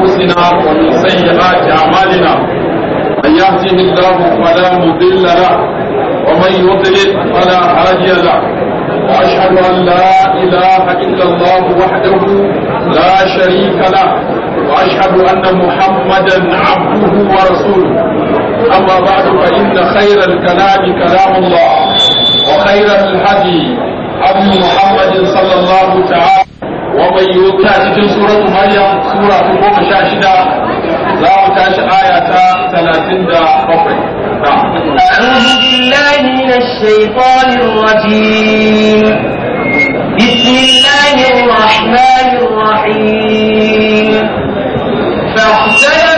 أنفسنا ومن سيئات أعمالنا من يهده الله فلا مضل له ومن يضلل فلا هادي له وأشهد أن لا إله إلا الله وحده لا شريك له وأشهد أن محمدا عبده ورسوله أما بعد فإن خير الكلام كلام الله وخير الهدي أبي محمد صلى الله تعالى ومن يوتا cikin suratu maryam sura ta shida za mu tashi aya ta talatin da bakwai أعوذ بالله من الشيطان الرجيم بسم الله الرحمن الرحيم فاختلف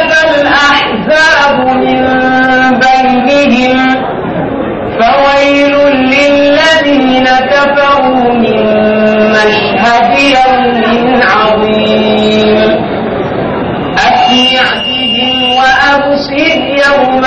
لبيوم عظيم أسمع بهم وأبصر يوم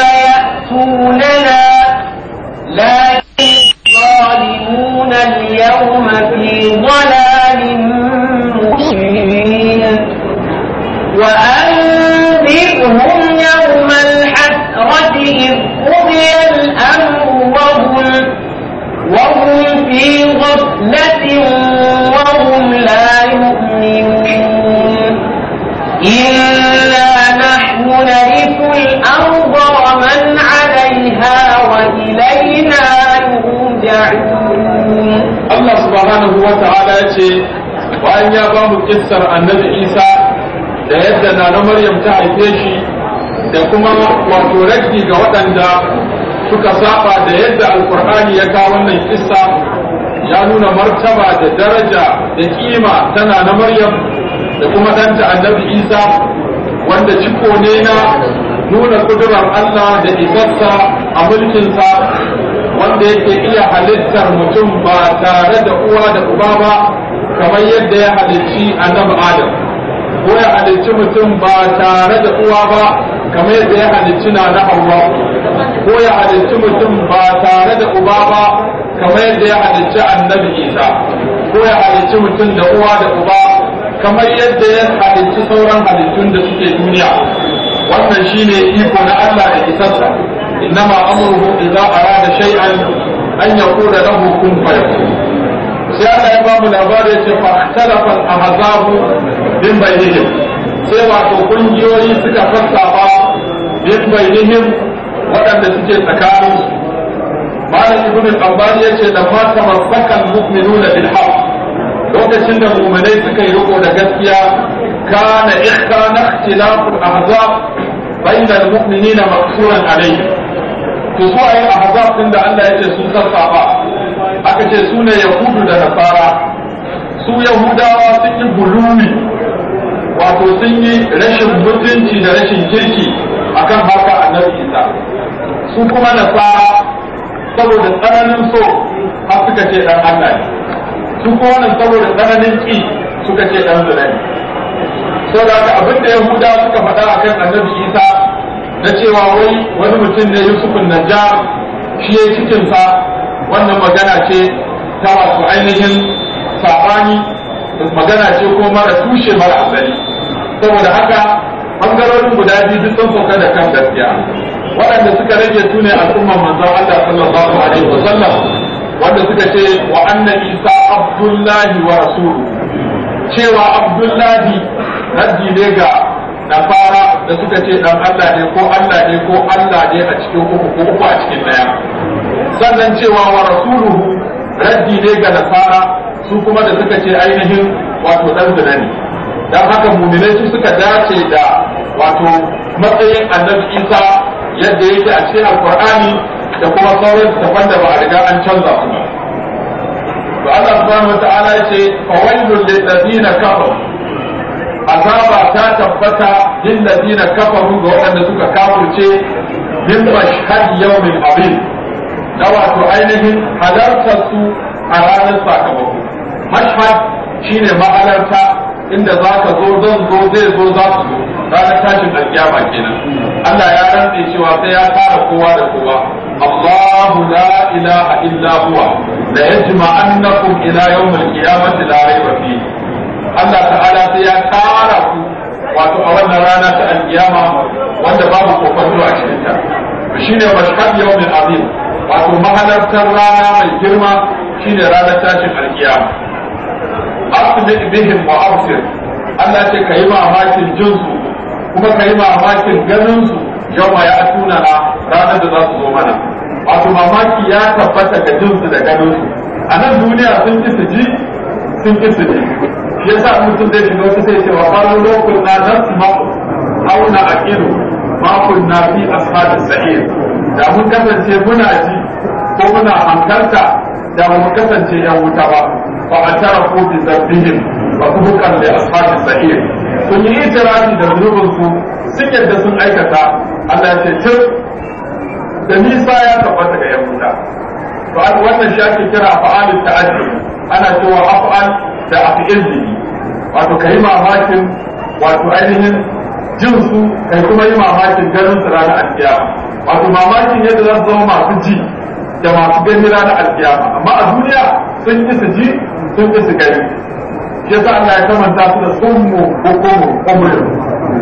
subhanahu wa ta'ala ya ce bayan ya ba mu kissar annabi isa da yadda nana maryam ta haife shi da kuma wato ga waɗanda suka saba da yadda alkur'ani ya kawo wannan kissa ya nuna martaba da daraja da kima ta na maryam da kuma ɗanta annabi isa wanda ciko ne na nuna kudurar allah da isarsa a mulkinsa wanda yake iya halittar mutum ba tare da uwa da uba ba kamar yadda ya halicci annabi adam ko ya halicci mutum ba tare da uwa ba kamar yadda ya halicci na na hawa ko ya halicci mutum ba tare da uba ba kamar yadda ya halicci annabi isa ko ya halicci mutum da uwa da uba kamar yadda ya halicci sauran halittun da suke duniya wannan shine iko na Allah da kisarsa. إنما أمره إذا أراد شيئا أن يقول له كن فيكون sai Allah ya bamu labari ya ce fa ikhtalafa al-ahzabu min bainihim sai wato ƙungiyoyi suka fassaba min bainihim waɗanda suke tsakanin su malam ibnu al-ambani ya ce da ma tamassaka al-mu'minuna bil haqq lokacin da mu'minai suka yi riko da gaskiya kana ikhana ikhtilafu al-ahzab فإن المؤمنين مغفورا عليه to su a yi ahzab din da Allah ya ce sun sassafa aka ce su ne yahudu da nasara su yahudawa sun yi gulumi wato sun yi rashin mutunci da rashin kirki akan haka annabi isa su kuma nasara saboda tsananin so har suka ce dan Allah ne su kuma saboda tsananin ki suka ce dan zulai saboda haka abin da yahuda suka faɗa akan annabi isa na cewa wai wani mutum ne yusufun najjar shi ya cikinsa wannan magana ce ta wasu ainihin sabani magana ce ko mara tushe mara asali saboda haka bangarorin guda biyu duk sun sauka da kan gaskiya waɗanda suka rage su ne al'ummar manzon Allah sallallahu alaihi wa sallam wanda suka ce wa anna isa abdullahi wa rasuluhu cewa abdullahi raddi ne ga fara da suka ce dan Allah ne ko Allah ne ko Allah ne a cikin uku ko uku a cikin daya sannan cewa wa rasuluhu raddi ne ga fara su kuma da suka ce ainihin wato dan zina ne dan haka mu'minai su suka dace da wato matsayin annabi Isa yadda yake a cikin alqur'ani da kuma sauran tafan da ba a riga an canza su ba to Allah subhanahu wata'ala yace na wailul ladina kafaru azaba ta tabbata lil ladina kafaru ga waɗanda suka kafirce min mashhad yawmin abin da wato ainihin halartar su a ranar sakamako mashhad shine ma'alarta inda za ka zo zan zo zai zo za ku zo ranar tashin alkiyama kenan Allah ya rantse cewa sai ya tara kowa da kowa Allahu la ilaha illa huwa la yajma'annakum ila yawm al-qiyamati la rayba fi Allah ta'ala sai ya tara ku wato a wannan rana ta alkiyama wanda babu kokonto a cikin ta shine mashhad yawm al-azim wato mahalartar rana mai girma shine ranar tashin alkiyama asli bihim wa absir Allah ce kai mamakin jin su kuma kai mamakin ganin su yau ma ya tuna na ranar da za su zo mana wato mamaki ya tabbata da jinsu da ganin su a nan duniya sun ci su ji sun ci su yasa mutum zai shiga wata sai cewa farin lokacin na nan su ma auna a kilo makon na fi asfalin sa'ir da mun kasance muna ji ko muna hankalta da ba mu kasance yan wuta ba a tara ko bi ba wa kubukan da ashabis sa'ir sun yi itirafi da zunubin su sun yadda sun aikata Allah ya ce tir da nisa ya tabbata ga yan wuta to wannan shi ake kira fa'alit ta'addi ana cewa af'al da af'il wato kai mamakin wato ainihin jin su kai kuma yi mamakin ganin su ranar alkiyama wato mamakin yadda za zama masu ji da masu gani rana alkiyama amma a duniya sun ki su ji sun yi su gani ya yasa Allah ya kamanta su da summu bukumu umurin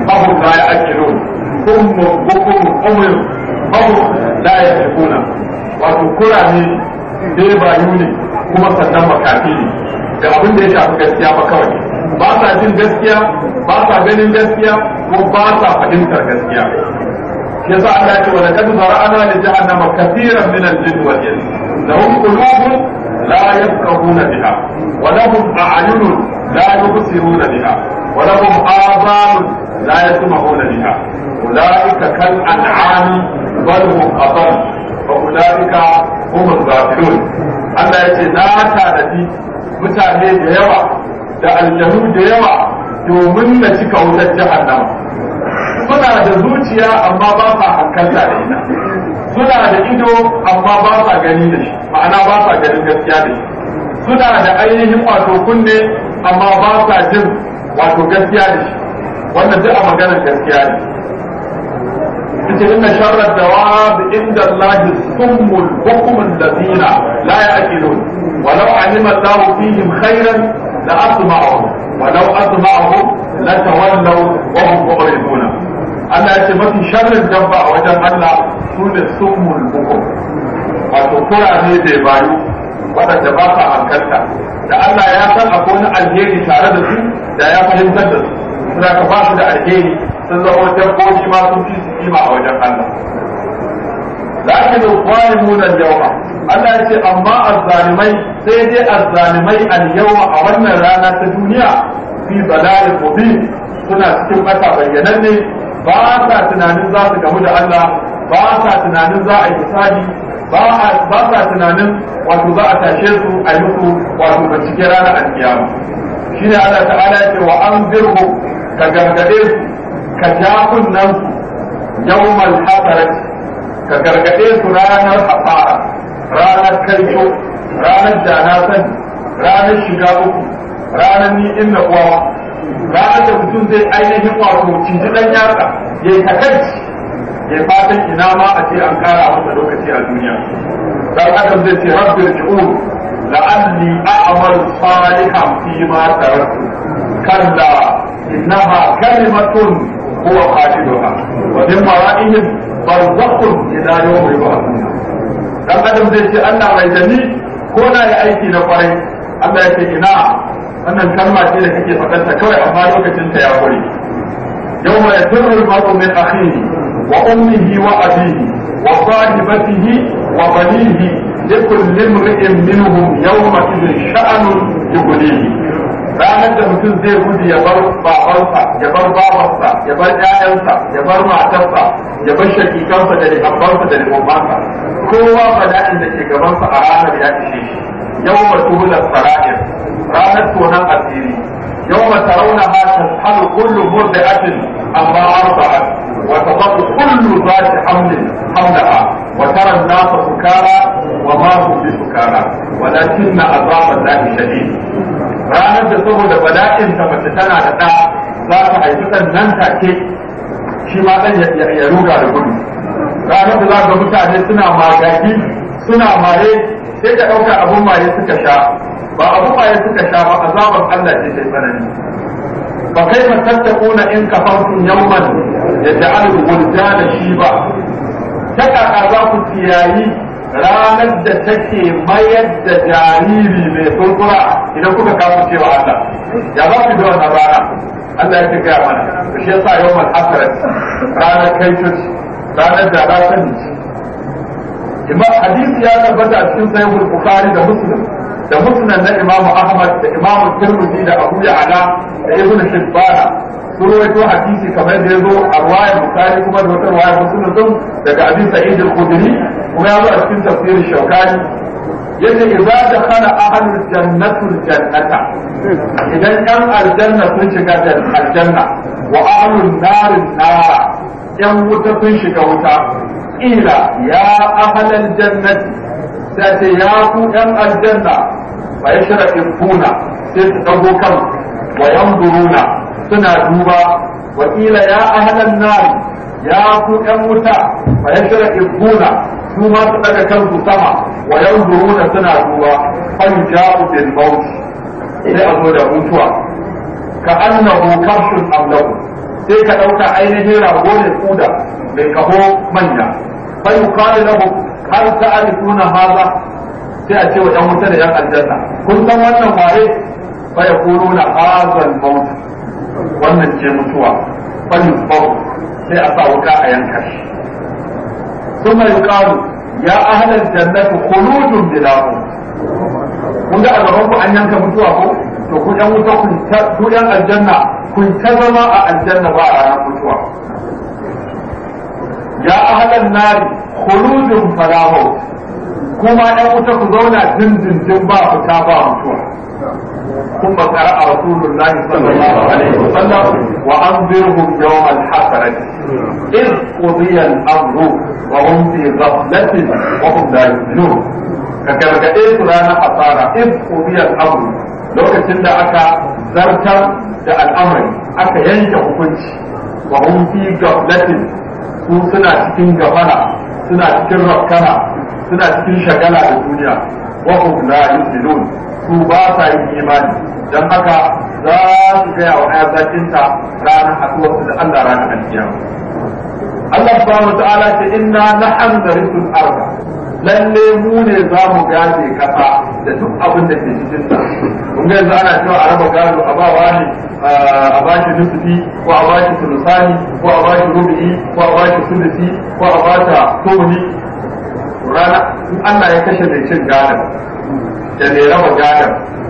babu da ya akilo summu bukumu umurin babu da ya shikuna wato kura ne bai bayu ne kuma sannan makafi ne ga abin da ya shafi gaskiya ba kawai ba sa jin gaskiya ba sa ganin gaskiya ko ba sa fahimtar gaskiya yasa Allah ya ce wa laqad zara'na li jahannama katiran min al-jinn wal ins lahum qulubun la yafqahuna biha wa lahum a'yunun la yubsiruna biha wa lahum adhanun la yasma'una biha ulaika kal an'am bal hum adall wa ulaika hum al-ghafilun Allah na mutane da yawa da aljanu da yawa domin na cika wutar jahannama suna da zuciya amma ba sa hankalta da ita suna da ido amma ba sa gani da shi ma'ana ba sa ganin gaskiya da shi suna da ainihin wato kunne amma ba sa jin wato gaskiya da shi wannan duk a maganar gaskiya ne ita inna sharra dawab inda Allah summul bukum alladhina la ya'qilun walau nima Allah fihim khairan la asma'ahum walau asma'ahum la tawallaw wa hum mu'ridun Allah ce mafi sharrin dabba a wajen Allah su ne sumul bukum wato kurame bai bayu waɗanda ba sa hankalta da Allah ya san akwai wani alheri tare da su da ya fahimtar da su suna ka ba su da alheri sun zama dabbobi ma sun fi su kima a wajen Allah lakin zalimun munan yawma Allah ya ce amma azzalimai sai dai azzalimai al a wannan rana ta duniya fi balal mubin suna cikin mata bayyananne ba sa tunanin za su gamu da Allah ba sa tunanin za a yi misali ba sa tunanin wato za a tashe su a yi musu wato bincike ranar alkiyama shi ne Allah ta'ala ala ce wa an zirhu ka gargade su ka ja kunnen su yawmal hasarat ka gargade su ranar hasara ranar karyo ranar jana sani ranar shiga uku ranar ni inna uwa Za da mutum zai ainihin wato cinji dan yatsa ya yi takaici ya fatan ina ma a ce an kara masa lokaci a duniya dan adam zai ce rabbir ji'ur la'anni a'mal salihan fi ma taraktu kalla innaha kalimatun huwa ma wa min wara'ihim barzakhun ila yawmi yub'athun dan adam zai ce Allah mai dani ko na yi aiki na kwarai Allah ya ce ina wannan kalma ce da kake faɗarta kawai amma lokacin ta ya kure yau mai sirrin maru min akhihi wa ummihi wa abihi wa sahibatihi wa banihi likulli imri'in minhum yawma idhin sha'anun yughnihi ranar da mutum zai gudu ya bar babansa ya bar babansa ya bar ƴaƴansa ya bar matarsa ya bar shakikansa da lihabbansa da lihabbansa kowa bala'in da ke gabansa a ranar ya ishe shi yawma tuhula sara'ir ranar tonon asiri yau ma tarauna ma kullum murda murdi'atin amma arba'at wa taqatu kullu zati hamlin hamlaha wa tara an-nasa sukara wa ma hum bi sukara walakin azab Allah shadid ranar da saboda bala'in ta mace tana da ɗa za ta haifi ɗan nan take shi ma ɗan ya ruga da gudu ranar da za ga mutane suna magagi suna mare sai ka ɗauka abun maye suka sha ba abu maye suka sha ba azabar Allah ce sai tsanani fa kaifa tattaquna in kafartum yawman da shi ba. ta kaka za ku kiyayi ranar da take mayar da jariri mai kurkura idan kuka kawo cewa Allah ya za ku ji wannan rana Allah ya gaya mana shi yasa yawmal hasrat ranar kai kaitus ranar da za ta imam hadisi ya tabbata a cikin sahih bukhari da muslim da musnad na imam ahmad da imam tirmidhi da abu ya'la da ibn hibbana sun rawaito hadisi kamar da yazo a riwayar bukhari kuma da wata riwayar muslim din daga abin sa'id al-khudri kuma ya zo a cikin tafsir shaukani yace idza dakhala ahlul jannatu al-jannata idan yan aljanna sun shiga aljanna wa an nar an-nar yan wuta sun shiga wuta ila ya ahalar jannati sai ce ya ku ɗan aljanna wa ya shara kuna sai su ɗago kan wa yanzuruna suna duba wa ila ya ahalar nari ya ku ɗan wuta wa ya shara kuna su ma su ɗaga su sama wa yanzuruna suna duba fan yujabu bil maut sai a zo da mutuwa ka annahu kafshun amlahu sai ka ɗauka ainihin rago ne kuda mai kaho manya فيقال لهم هل تعرفون هذا سيأتي ويوم يا الجنه كل وانا معي فيقولون هذا الموت وانا الجنة فيصبر wannan وكاء ينكش ثم يقال يا أهل الجنة خلود بلا kun ga a gaban ku an yanka mutuwa ko to ku dan wuta kun ta ku yan aljanna kun ta zama a aljanna ba a ranar mutuwa ya ahalan nari khuludun farahu kuma ɗan wuta ku zauna dindindin ba fita ba mutuwa ثم قرأ رسول الله صلى الله عليه وسلم وأنذرهم يوم الحسرة إذ قضي الأمر وهم da غفلة Ka gargaɗe asara, lokacin da aka zartar da al'amari aka yanke hukunci wa hum fi gaflatin su suna cikin gafara suna cikin rakkana suna cikin shagala da duniya wa hum la yu'minun su ba sa yin imani dan haka za su ga yawa ya zakin ta ranar haduwar su da Allah ranar alkiyama Allah subhanahu wa ta'ala ta inna nahnu narisul arba. lalle mu ne za mu gane kasa da duk abin da ke cikin ta kun ga yanzu ana cewa a raba gado a ba wani a ba shi nufi ko a ba shi sulusani ko a ba shi rubi'i ko a ba shi sulusi ko a ba ta tuni rana Allah ya kashe mai cin gadon da mai raba gadon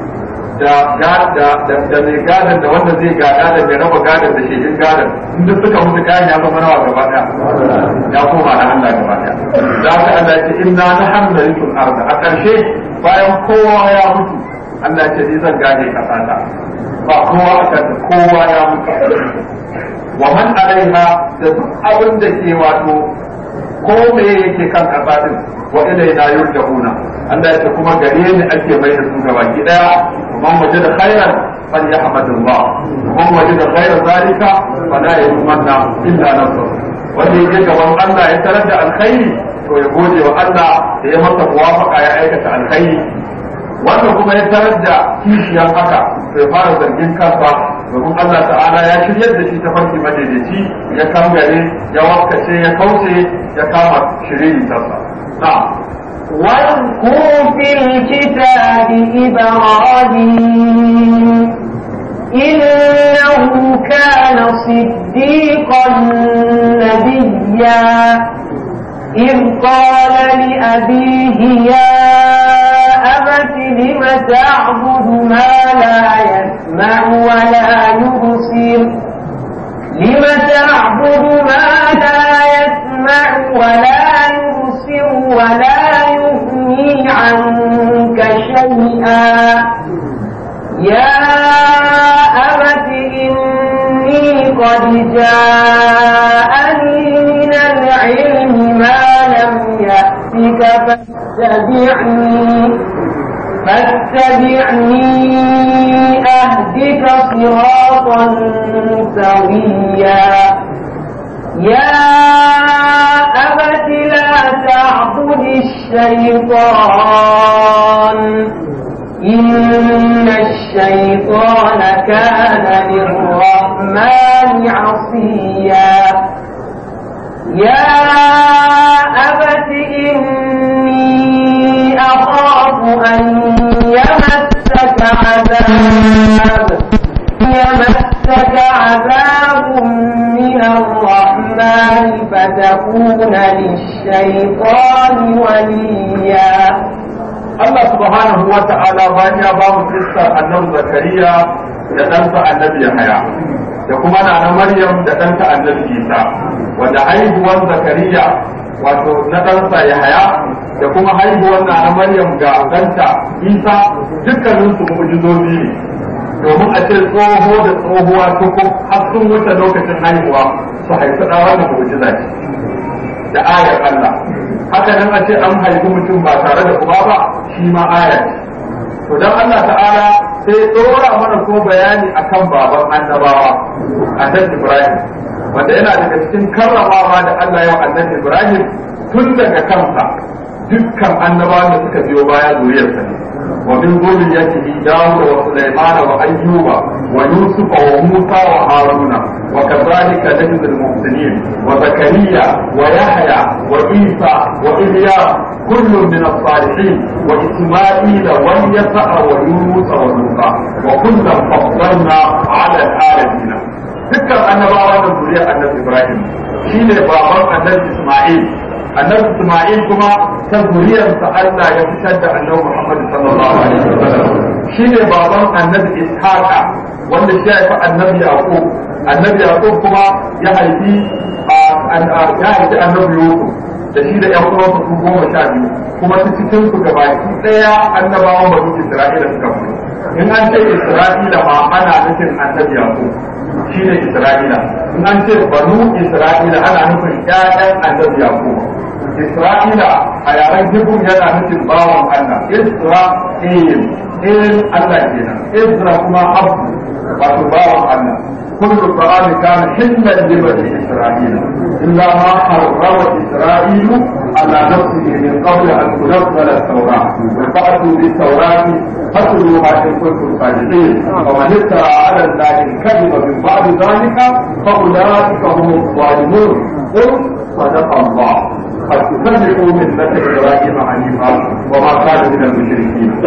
da da da mai gadon da wanda zai gada da mai raba gadon da shekin gadon in duk suka mutu kayan ya zama nawa gaba daya ya koma na Allah gaba daya za ka Allah ce inna nahnu narisul arda a karshe bayan kowa ya mutu Allah ce ni zan gane kasa ta ba kowa a ta kowa ya mutu wa man alaiha da duk abin da ke wato ko me yake kan kasa din wa ilaina yurja'una Allah ya ce kuma gare ni ake mai da su gaba ki daya ومن وجد خيرا فليحمد الله ومن وجد غير ذلك فلا يؤمن الا نفسه wanda yake gaban Allah ya tarar da alkhairi to ya gode wa Allah da ya masa muwafaka ya aikata alkhairi wanda kuma ya tarar da kishiyar haka to ya fara zargin kansa domin Allah ta'ala ya shirya da shi ta farki madaidaici ya kangare ya wakace ya kauce ya kama shiriri sassa na'am واذكر في الكتاب إبراهيم إنه كان صديقا نبيا إذ قال لأبيه يا أبت لم تعبد ما لا يسمع ولا يبصر لم تعبد ما لا يسمع ولا يبصر ولا يغني عنك شيئا يا أبت إني قد جاءني من العلم ما لم يأتك فاتبعني فاتبعني أهدك صراطا سويا يا أبت لا تعبد الشيطان إن الشيطان كان للرحمن عصيا يا أبت إني أخاف أن يمسك عذاب يمسك عذاب من الله الله فتكون للشيطان وليا الله سبحانه وتعالى بان يا باب قصة النبي زكريا لتنفع النبي يحيى da kuma na Maryam da ɗanta annabi Isa wanda haihuwar Zakariya wato na ɗansa Yahaya da kuma haihuwar na Maryam ga ɗanta Isa dukkanin su mu'jizozi ne domin a ce tsoho da tsohuwa tuku har sun wuce lokacin haihuwa su haifi ɗa wannan mu'jiza ce da ayar Allah haka nan a ce an haifi mutum ba tare da uba ba shi ma aya to dan Allah ta'ala sai ɗora mana ko bayani akan baban annabawa annabi Ibrahim wanda yana daga cikin karramawa da Allah ya annabi Ibrahim tun daga kansa dukkan Annabawa da suka biyo baya zuriyarsa ne ومن ذريته داود وسليمان وأيوب ويوسف وموسى وهارون وكذلك نجزي المحسنين وزكريا ويحيى وعيسى وإلياس كل من الصالحين وإسماعيل واليسع ويونس ولوطا وكلا فضلنا على العالمين ذكر أن بعض ذرية النبي إبراهيم حين بابا النبي إسماعيل annabi Isma'il kuma ta zuriyarsa Allah ya fitar da annabi Muhammad sallallahu alaihi wasallam shine baban annabi Ishaqa wanda shi ya fi annabi Yaqub annabi Yaqub kuma ya haifi ya haifi annabi Yusuf da shi da ƴan uwansa su goma sha biyu kuma su cikin su gabaki ɗaya annabawan banu Isra'ila suka fito in an ce Isra'ila ma ana nufin annabi Yaqub shine Isra'ila in an ce banu Isra'ila ana nufin ƴaƴan annabi Yaqub إسرائيل على yaren Hebrew yana nufin bawan إسرائيل Isra'il il Allah kenan ما kuma abu كل القرآن كان حلا لبني إسرائيل إلا ما حرم إسرائيل على نفسه من قبل أن تنزل التوراة وفأتوا بالتوراة فاتلوا ما إن كنتم ومن اترى على الله الكذب من بعد ذلك فأولئك هم الظالمون قل صدق الله فاتبعوا ملة إبراهيم حنيفا وما كان من المشركين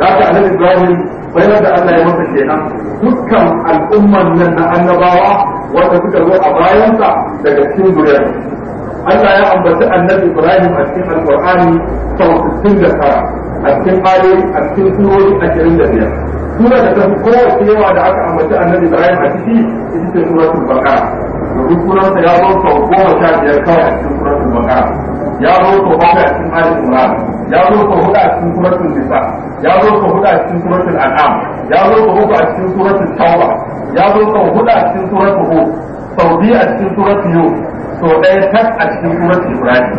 ذاك أهل إبراهيم بين أن لا يمس الشيطان دكم الأمة من النبوة وتذكروا أبايانها لكن بريان Allah ya ambaci annabi Ibrahim a cikin Alƙur'ani sau 69 a cikin ayoyi a cikin surori 25 sura da ta fi kowace yawa da aka ambaci annabi Ibrahim a ciki ita ce suratul domin sunansa ya zo sau goma sha biyar kawai a cikin suratul bakara ya zo sau bakwai a cikin ali imran ya zo sau hudu a cikin suratul nisa ya zo sau hudu a cikin suratul an'am ya zo sau uku a cikin suratul tauba ya zo sau hudu a cikin suratul hud sau biyu a cikin suratul yusuf sau ɗaya tas a cikin suratul ibrahim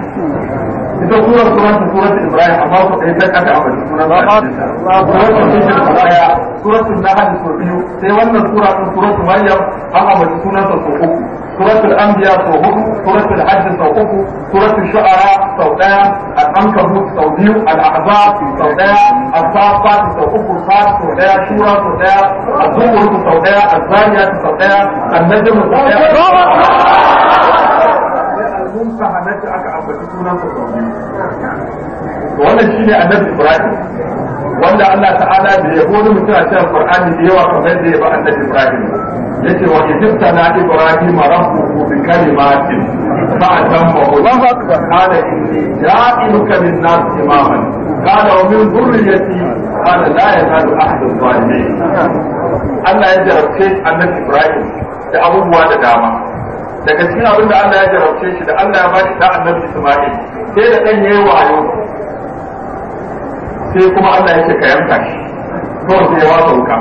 ita surar suratun suratun Ibrahim amma ku ɗaya ta kasa a surar ba ta surar ta surar ta baya surar ta nahadi sau biyu sai wannan suratun suratun surar ta Maryam an ambaci sunan sa sau uku سورة الأنبياء صوته سورة الحج صوته سورة الشعراء صوتان الأنكبوت صوتيو الأحزاب صوتان الصافات صوته الخاص صوتان شورى صوتان الزمر صوتان الزانية صوتان النجم صوتان wannan shi ne annabi ibrahim wanda allah ta'ala da ya gode mutum a cikin alƙur'ani da yawa kamar da ya ba annabi ibrahim yace wa idza na ibrahim rabbuhu bi kalimatin fa atamma Allahu akbar qala inni ja'iluka lin nas imaman qala wa min dhurriyyati qala la yazalu ahadu zalimin Allah ya jarabce annabi Ibrahim da abubuwa da dama daga cikin abin da Allah ya jarabce shi da Allah ya ba shi da annabi Isma'il sai da dan yayi wayo sai kuma Allah ya ce ka yanka shi kawai sai ya wasa wuka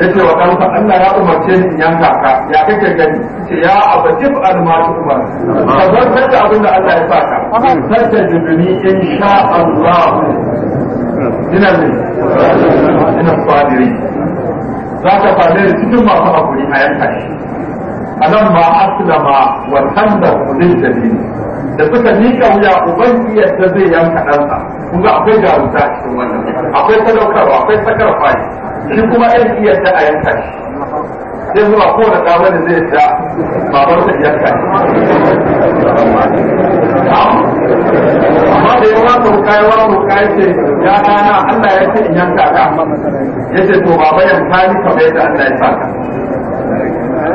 ya ce wa ɗansa Allah ya umarce ni in yanka ka ya kake gani ce ya abaji an ma ta umar ka zartar da abin da Allah ya saka zarta jibini in sha Allah ina ne ina fadiri za ka fadiri cikin masu hakuri a yanka shi a nan ma aslama wa tanda kudin jabini da suka nika wuya ubangiyar da zai yanka ɗansa kuma ga akwai jarumta a cikin wannan akwai sadaukarwa akwai sakar ne shi kuma ɗan iya ta a yanka shi sai zuwa kowane dama da zai sha babar sa yanka amma da ya wata wuka ya wata wuka ya ce ya dana Allah ya ce in yanka ka ya ce to baba ta ni kamar yadda Allah ya saka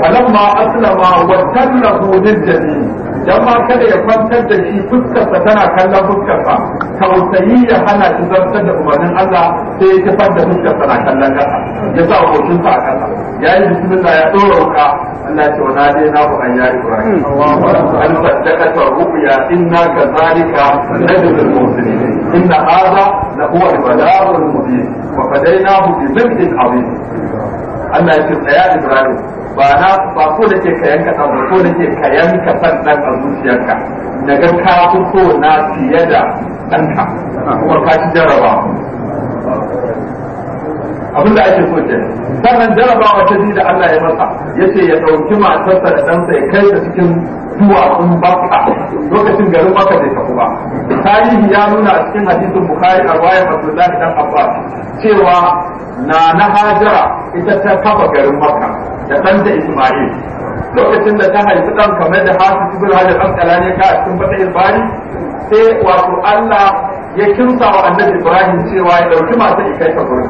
falamma aslama wa tallahu lil jami'i dan ma kada ya kwantar da shi fuskarsa tana kallon fuskarsa tausayi ya hana shi zartar da umarnin Allah sai ya tafar da fuskarsa na kallon kasa ya sa hukuncinsa a kasa ya yi bismillah ya ɗora wuka Allah ya ce wa na dai na ku an yari Ibrahim an saddaka ta rubuya inna ka zalika nadrul muslimin inna hadha na huwa al-balagh al-mubin wa fadaynahu bi dhibhin 'azim Allah ya ce tsaya Ibrahim ba na ba ko da ke kayan ka san ko da ke kayan ka san dan a zuciyarka ga ka fito na fiye da danka kuma ka ci jaraba abin da ake so kenan sannan jarabawa ta da Allah ya masa yace ya ɗauki matarsa da ɗansa ya kai ta cikin duwatsun baka lokacin garin baka bai tafi ba tarihi ya nuna a cikin hadisin bukari a ruwayar abdullahi dan abbas cewa na na hajara ita ta kafa garin makka da ɗanta Ismail lokacin da ta haifi ɗan kamar da hafi ibn hajji ɗan ƙalani ka a cikin bada bari sai wato Allah ya kinsa wa annabi Ibrahim cewa ya ɗauki masu ikai ta gurin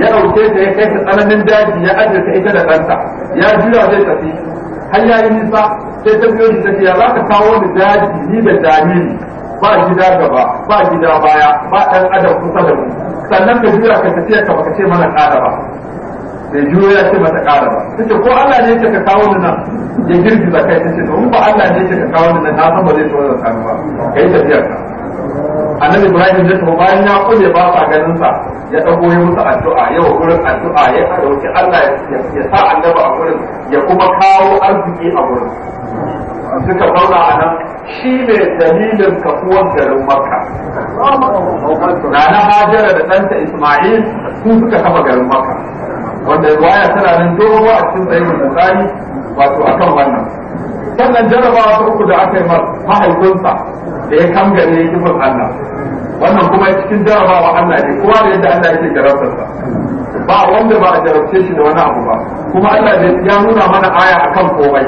ya ɗauke ta ya kai ta tsananin daji ya ajiye ta ita da ɗanta ya jira zai tafi har ya yi nisa sai ta biyo ta ya za ka kawo ni daji ni da jariri ba gida gaba ba gida baya ba ɗan adam kusa da mu sannan ka jira ka tafiya ka baka ce mana ƙara ba da juro ya ce mata ƙara ba ta ce ko Allah ne ya ka kawo ni nan ya girgiza kai ta ce to in ba Allah ne ya ka kawo ni nan na san ba zai tsoro da ba ka yi tafiyar ka annabi Ibrahim ya tafi bayan ya kulle ba sa ganin sa ya dago ya musu addu'a yau gurin addu'a ya dauki Allah ya sa annabi a gurin ya kuma kawo arziki a gurin suka zauna a nan shi ne dalilin kafuwar garin makka na na hajara da ɗanta ismail su suka kafa garin makka wanda riwaya tana nan dogo a cikin sahihul bukhari wato kan wannan sannan jarrabawa ta uku da aka yi mahaifinsa da ya kangare ya kifin Allah wannan kuma cikin wa Allah ne kowa da yadda Allah yake jarabtarsa ba wanda ba a jarabce shi da wani abu ba kuma Allah ya nuna mana aya a kan komai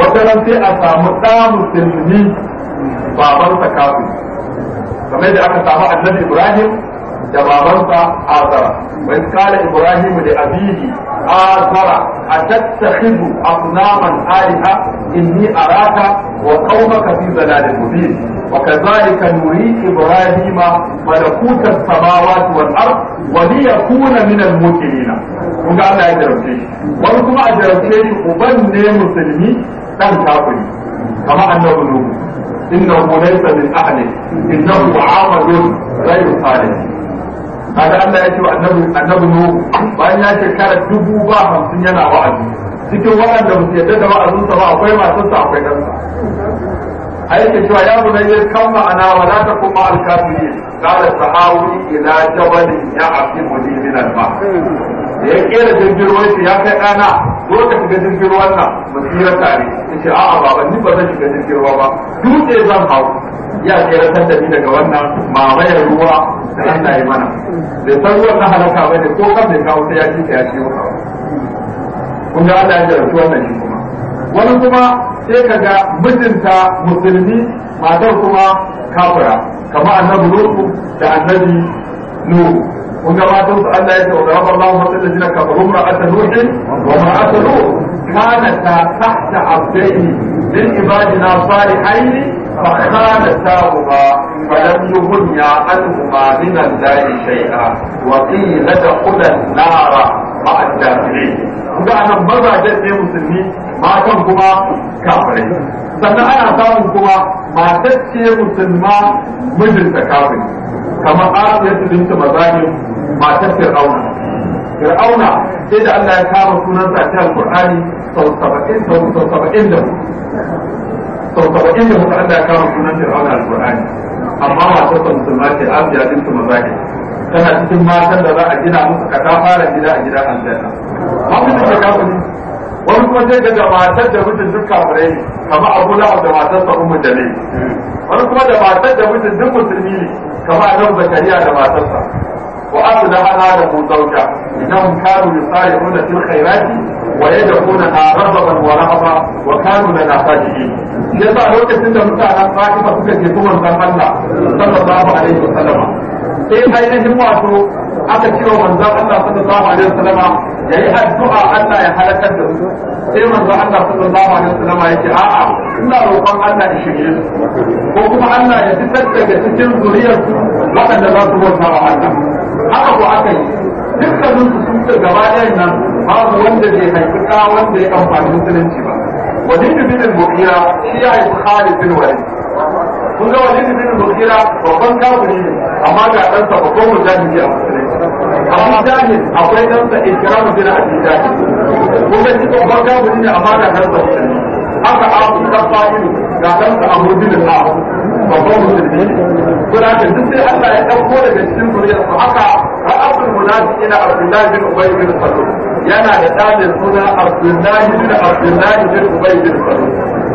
wata ran sai a samu ɗa musulmi babansa kafin kamar da aka samu annabi Ibrahim da babansa azara wa qala ibrahim da abihi azara atattakhidhu asnaman alaha inni araka wa qaumaka fi dhalalin mubin wa kadhalika nuri Ibrahim malakuta as-samawati wal ard wa liyakuna min al-muqinin kun ga Allah ya jarabce shi wani kuma a jarabce shi uban ne musulmi dan kafiri kama annabi nuhu إنه ليس من أهله إنه عمل غير صالح kaga Allah ya ce wa annabi annabi bayan ya ce shekara dubu ba hamsin yana wa'azi cikin waɗanda ba su yadda da wa'azinsa ba akwai sa akwai sa ai ke cewa ya bu nan yin ana ma'ana wa za ta kuma alkafiri kala sahawi ila jabalin ya afi muni min alma da ya kera jirgin ruwan ya kai ɗana ko ka shiga jirgin ruwan nan mu tsira tare ya ce a'a baba ni ba zan shiga jirgin ruwa ba dutse zan hau ya ƙeratar da ni daga wannan mamayar ruwa da Allah ya mana bai san ruwan na halaka ba ne ko kan bai kawo sai ya ci ya ci ka kun ga Allah ya jarabci wannan shi kuma wani kuma sai ka ga mijinta musulmi matar kuma kafira kama annabi Nuhu da annabi Nuhu kun ga matan Allah ya ce wa rabba Allah wa sallallahu alaihi kafaru ra'atan nuhi wa ra'atan nuhu kanata tahta abdayni min ibadina salihaini فخانتاهما فلم يغني عنهما من الله شيئا وقيل ادخلا النار مع الداخلين kuma anan nan mazajen ne musulmi matan kuma kafirai sannan ana samun kuma matar ce musulma mijinta kafin kamar arab ya su dinta mazajen matar fir'auna fir'auna sai da allah ya kama sunan a cikin alkur'ani sau saba'in sau saba'in da sau saba'in da muka Allah kawo sunan fir'auna al-qur'ani amma masu kan musulma ce ya abdiya maza ke. tana cikin matan da za a gina musu ka ta fara gida a gida aljanna amma da ke kawo wani kuma zai ga da matar da mutum duk kafirai ne kamar abu la'ab da matar sa ummu jalil wani kuma da matar da mutum duk musulmi ne kamar annabi zakariya da matar sa wa abu da hana da mu zauja idan kanu yusari'una fil khairati ويدعون رغبا ورهبا وكانوا لنا خاشعين yasa lokacin da mutanen Fatima suka je kuma manzon Allah sallallahu alaihi wasallam sai ainihin wato aka ce wa manzon Allah sallallahu alaihi wasallam yayi addu'a Allah ya halakar da su sai manzon Allah sallallahu alaihi wasallam ya ce a'a ina roƙon Allah ya shirye ko kuma Allah ya fitar daga cikin zuriyar su waɗanda za su bauta wa haka ko aka yi dukkanin sun ce gaba ɗayan nan babu wanda zai haifi ɗa wanda ya amfani musulunci ba walid bin al-mughira shi ya haifi khalid bin kun ga walid bin al babban kafiri ne amma ga ɗansa babban mujahidi a musulunci abu jahil akwai ɗansa ikram bin abi jahil kun ga shi babban kafiri ne amma ga ɗansa musulunci haka abu tafa'ilu ga ɗansa abu bin al babban musulmi kuna ka duk sai Allah ya ɗauko daga cikin zuriyarsu haka ra'atul munafiqina abdullahi bin ubay bin salul yana da tsarin suna abdullahi bin abdullahi bin ubai bin salo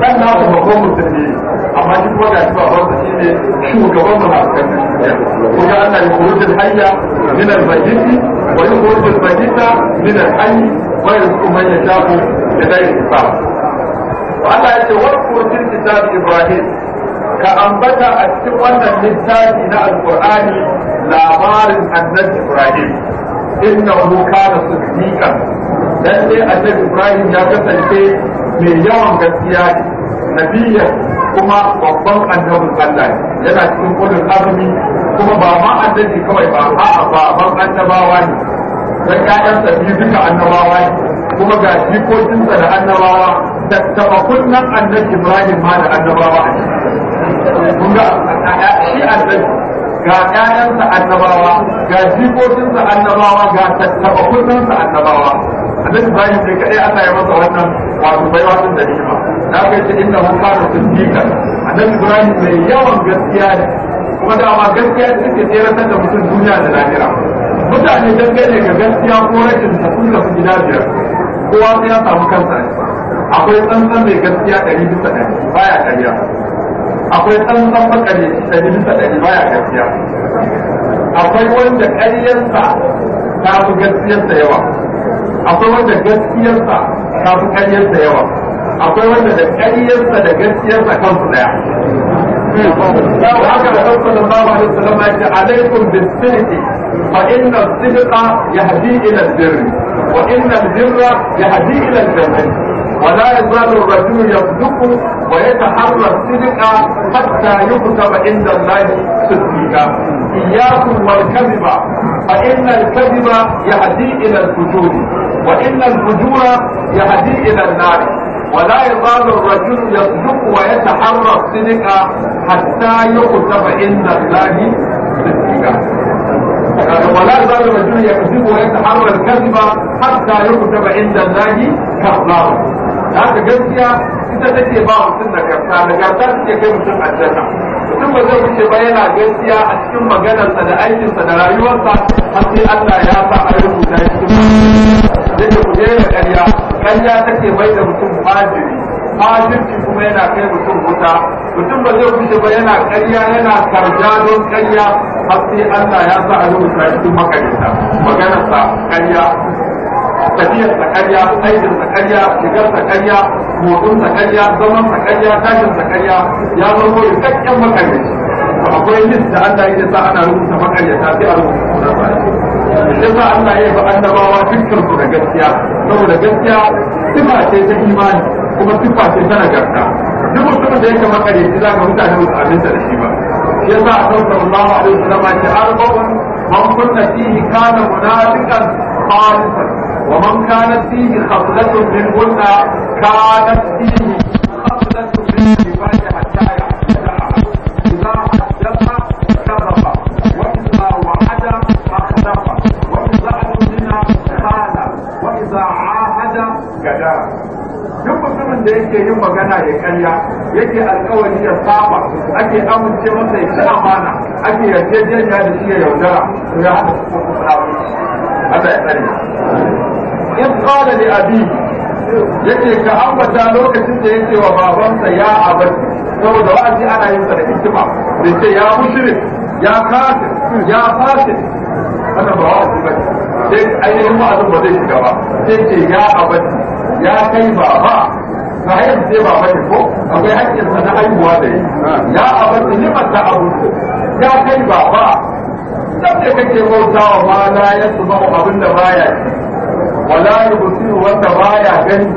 dan na su mako musulmi amma duk wanda shi baban su shine shugaban munafikan ko ga Allah ya kuru din hayya min al-majid wa yukuru din majida min al-hayy wa yusku man shafu da dai ba Allah ya ce wa kurtin kitab Ibrahim ka ambata a cikin wannan littafi na alqur'ani labarin annabi Ibrahim innahu kana siddiqan dan dai annabi Ibrahim ya kasance mai yawan gaskiya nabiyya kuma babban annabin Allah yana cikin kudin azumi kuma ba ma annabi kawai ba a'a baban annabawa ne dan ƴaƴansa biyu duka annabawa ne kuma ga jikokinsa da annabawa da tabakun nan annabi Ibrahim ma da annabawa ne kun ga shi annabi ga sa annabawa ga jikokinsa annabawa ga tattabakunansa annabawa annabi yi sai kaɗai Allah ya masa wannan wato baiwa din da ni'ima na kai ce inna hu kana siddiqan annabi ibrahim mai yawan gaskiya ne kuma dama gaskiya take tseratar da mutum duniya da lahira mutane gane ga gaskiya ko rashin ta sun da gida biyar kowa sai ya samu kansa akwai tsantsan mai gaskiya ɗari bisa ɗari baya ɗariya. akwai tsantsan makare da bisa da baya gaskiya akwai wanda ƙaryarsa ta fi gaskiyarsa yawa akwai wanda gaskiyarsa ta fi ƙaryarsa yawa akwai wanda da ƙaryarsa da gaskiyarsa kansu daya haka da kansu da babu alaihi salama ya ce alaikum bisiniki fa inna sidqa yahdi ila albirri wa inna albirra yahdi ila aljanna ولا يزال الرجل يصدق ويتحرى الصدق حتى يكتب عند الله صدقا اياكم والكذب فان الكذب يهدي الى الفجور وان الفجور يهدي الى النار ولا يزال الرجل يصدق ويتحرى الصدق حتى يكتب عند الله صدقا ولا يزال الرجل يكذب ويتحرى الكذب حتى يكتب عند الله كذابا da haka gaskiya ita take ba mutum da da gasa take kai mutum aljanna mutum ba zai wuce ba yana gaskiya a cikin maganarsa da aikinsa da rayuwarsa har sai Allah ya sa a rubuta cikin yake ku da ƙarya ƙarya take bai da mutum fajiri fajirci kuma yana kai mutum wuta mutum ba zai wuce ba yana karya yana karja don ƙarya har sai Allah ya sa a rubuta cikin makarinta maganarsa ƙarya tafiyar karya, aikin sakariya shigar sakariya motsin sakariya zaman sakariya tashin sakariya ya zama da kakken makaryaci akwai list da Allah ya sa ana rubuta ta sai a rubuta da sa Allah ya ba annabawa dukkan su da gaskiya saboda gaskiya sifa ce ta imani kuma sifa ce ta nagarta duk mutumin da yake makaryaci za ka mutane ba su aminta da shi ba shi yasa a kan sallallahu alaihi wasallam ya ce arba'un man kunna fihi kana munafiqan khalisan كانت فيه خصلة منهن كانت فيه خصلة من النفاق حتى يحدثها إذا حدث كذب وإذا وعد duk mutumin da yake yin magana ya karya yake alkawari ya saba ake amince masa ya ci amana ake yarjejeniya da shi ya yaudara to ya haɗu su ya tsare qala da abi yace ka ambata lokacin da yace wa babansa ya abati saboda wa'azi ana yin sa da hikima bai ce ya mushrik ya kafir ya fasik ana ba wa'azi ba sai ainihin wa'azin ba zai shiga ba sai ce ya abati ya kai baba ba ya ce ba bane ko akwai hakkin sa na haihuwa da yi ya abati liman ta abudu ya kai baba dan da kake bautawa ma la yasma'u abinda baya ci wala yubsiru wanda ba ya gani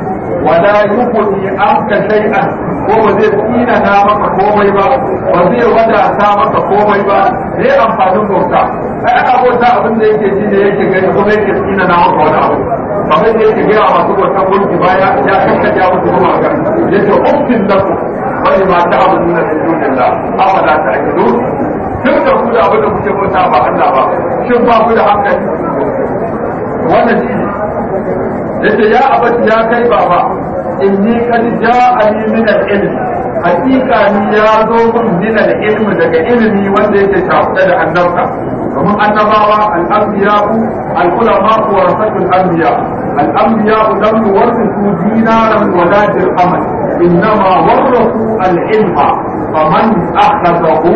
wala ka anka shay'an ko ba zai tsina na maka komai ba ba zai wadata maka komai ba zai amfanin bauta ai abota abin da yake ji da yake gani kuma yake tsina na maka wani abu kamar da yake gani a masu wata mulki ba ya kakkata musu kuma ga yake uffin lakum wani ma ta abu nuna da dunilla abada ta ake duk da ku da abin da kuke bauta ba Allah ba shin ba ku da hankali wannan shi yace ya abati ya kai baba inni qad ja'ani min al-ilm hakika ni ya zo min al-ilm daga ilimi wanda yake shafuta da annabta kamar annabawa al-anbiya al-ulama wa rasul anbiya al-anbiya lam yuwarrisu dinaran wa la dirhaman innama warrasu al-ilma faman akhadahu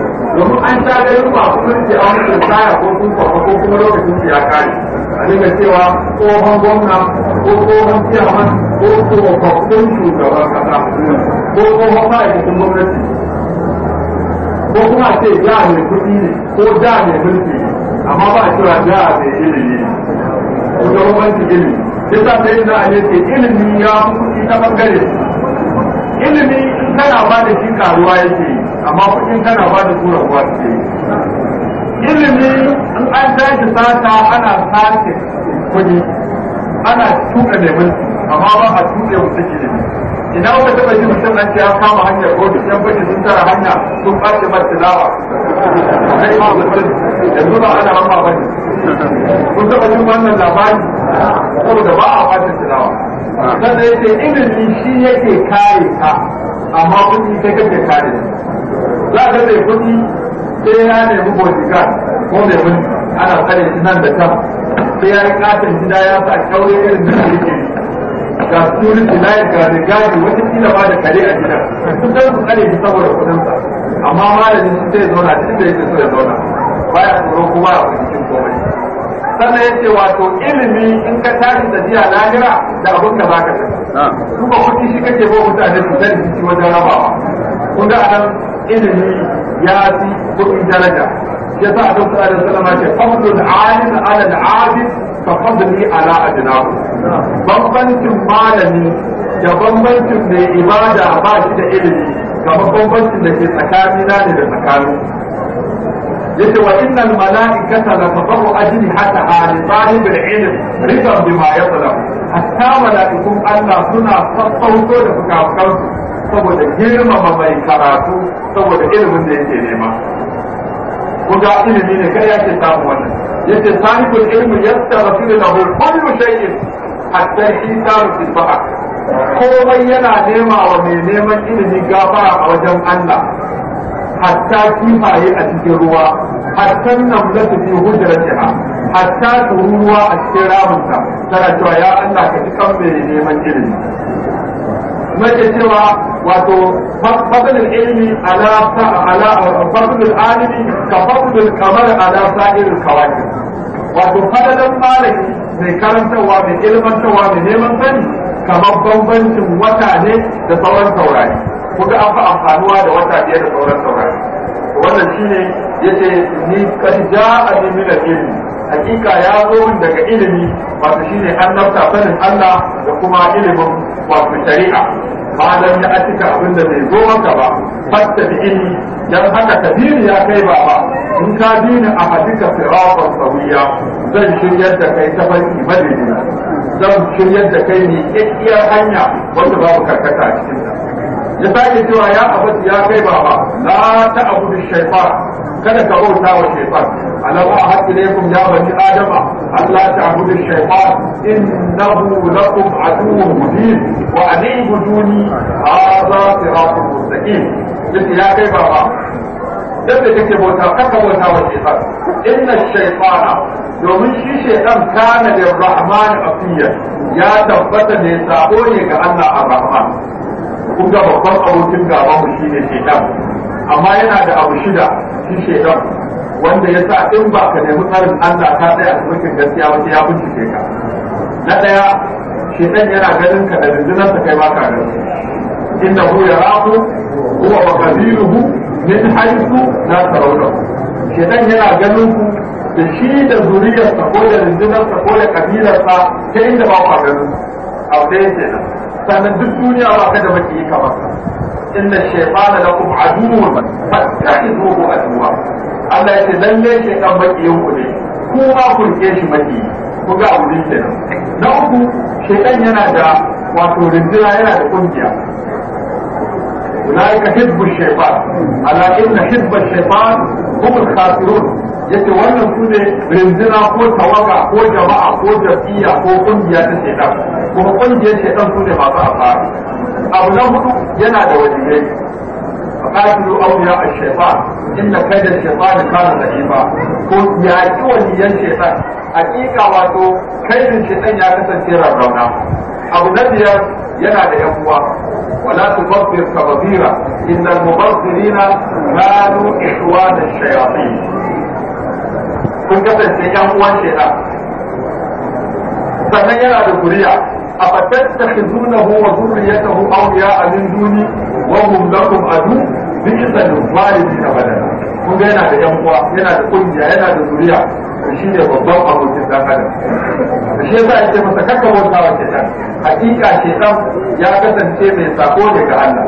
domin an ta ga yin ba kuma ce a wani tsaya ko sun kwafa ko kuma lokacin su ya kare a daga cewa tsohon gwamna ko tsohon ciyaman ko tsofaffin shugaban kasa ko tsohon ma'aikatan gwamnati ko kuma ce ja mai kuɗi ne ko ja mai mulki ne amma ba a cewa ja mai ilimi ko da romanci ilimi. Yasa sai na a ne ilimi ya fi ta bangare ilimi in kana ba da shi karuwa yake amma kuɗin kana ba da tura kuwa suke ilimi in an tashi sata ana sake kuɗi ana tuka neman amma ba a tuke mutum ilimi idan ka taba shi mutum an ce ya kama hanya ko duk yan bane sun tara hanya sun ɓace ba lawa kai ma mutum yanzu ba ana hamba ba ne kun taɓa jin wannan labari saboda ba a ɓace lawa sannan ya ce ilimi shi yake kare ka amma kuɗi kai kake kare za ka mai kuɗi sai ya nemi bodyguard ko mai mulki ana kare shi nan da can sai ya yi katin gida ya sa kyaure irin da yake ga security line ga rigari wata kila ba da kare a gida sun san su kare shi saboda kuɗinsa amma malamin shi sai zauna cikin da yake so ya zauna baya tsoro kuma a cikin komai sannan yake wato ilimi in ka tashi da jiya lahira da abun da baka da ba kuɗi shi kake ba mutane su da shi wajen rabawa kun ga anan ilimi ya fi kuɗi daraja ya sa a dokta alaihi salama ce fadlul alim ala al fa ka fadli ala adnahu bambancin malami da bambancin mai ibada ba shi da ilimi ga bambancin da ke tsakanina ne da tsakanin yace wa innal malaikata la tadarru ajnihataha li talib al-ilm ridan bima yatlab hatta malaikun Allah suna sassauto da fukafukansu saboda mai karatu saboda ilimin da yake nema kuga ilimi ne kai yake samu wannan yace sahibul ilmi yastaghfiru lahu kullu shay'in hatta hisabu fil bahr komai yana nema wa mai neman ilimi gafara a wajen Allah hatta kifaye a cikin ruwa hatta namlatu fi jiha hatta ruwa a cikin ramunta tana cewa ya Allah ka ji kan mai neman ilimi mace cewa wato fadlul ilmi ala ala fadlul alimi ka fadlul kamar ala irin kawakib wato fadlan malaki mai karantarwa mai ilmantarwa mai neman sani kamar bambancin wata ne da sauran saurari kuma an fi amfanuwa da wata biyar da sauran saurari wannan shine yace ni kad ja'a min al-ilm hakika ya zo min daga ilimi wato shine annabta sanin Allah da kuma ilimin wato shari'a malam ya atika abin da bai zo maka ba fatta bi ilmi dan haka kabiri ya kai baba in ka dini a hadika siratan sawiya zan shiryar da kai ta banki madina zan shiryar da kai ne kikkiyar hanya wanda babu karkata a cikin ya sake cewa ya abati ya kai baba la ta abu shaytan kada ka bauta wa shaytan alam ahad ya bani adama alla ta'budu shaytan innahu lakum aduwwun mubin wa an ibuduni hadha siratun mustaqim yace ya kai baba yadda kake bauta kaka bauta wa shaytan inna shaytana domin shi shaytan kana da rahman afiya ya tabbata ne sabo ne ga Allah a rahman kun ga babban abokin gaban mu shine shaytan amma yana da abu shida shi shaidan wanda ya sa in ba ka nemi tsarin Allah ta tsaya a mulkin gaskiya wata ya bincike ka na ɗaya shaidan yana ganin ka da ta kai maka inda hu ya rafu huwa wa qabiluhu min haythu la sarauta. shaidan yana ganin ku da shi da zuriyarsa ko da rundunarsa ko da kabilarsa ta inda ba ku ganin abu ɗaya kenan sannan duk duniya ba ka da maki kamar sa inna shaytana lakum aduwwun fattakhidhuhu aduwwa Allah ya ce ke kan baki yau ne ku ba ku ke shi maki ku ga abu ne na uku shaytan yana da wato rindira yana da kungiya أولئك حزب الشيطان ألا إن حزب الشيطان هم الخاسرون yace wannan su ne rinzina ko tawaga ko jama'a ko jam'iyya ko kungiya ta shaitan kuma kungiyar shaitan su ne masu amfani. abu na hudu yana da wajibai faqatilu awliya ash-shaytan inna kayda ash-shaytan kana da'ifa ko ya ki waliyan shaitan hakika wato kaidin shaitan ya kasance rarrauna abu na biyar yana da yan uwa ولا تبصر تبذيرا ان المبصرين كانوا da الشياطين kun kasance yan uwan shaitan sannan yana da kuriya a fatattakhizunahu wa dhurriyyatahu awliya'a min duni wa hum lakum adu bi isal walidina badala kun ga yana da yan uwa yana da kungiya yana da zuriya shi ne babban abokin dan adam da shi yasa yake masa kakka wata wa hakika shaitan ya kasance mai sako daga Allah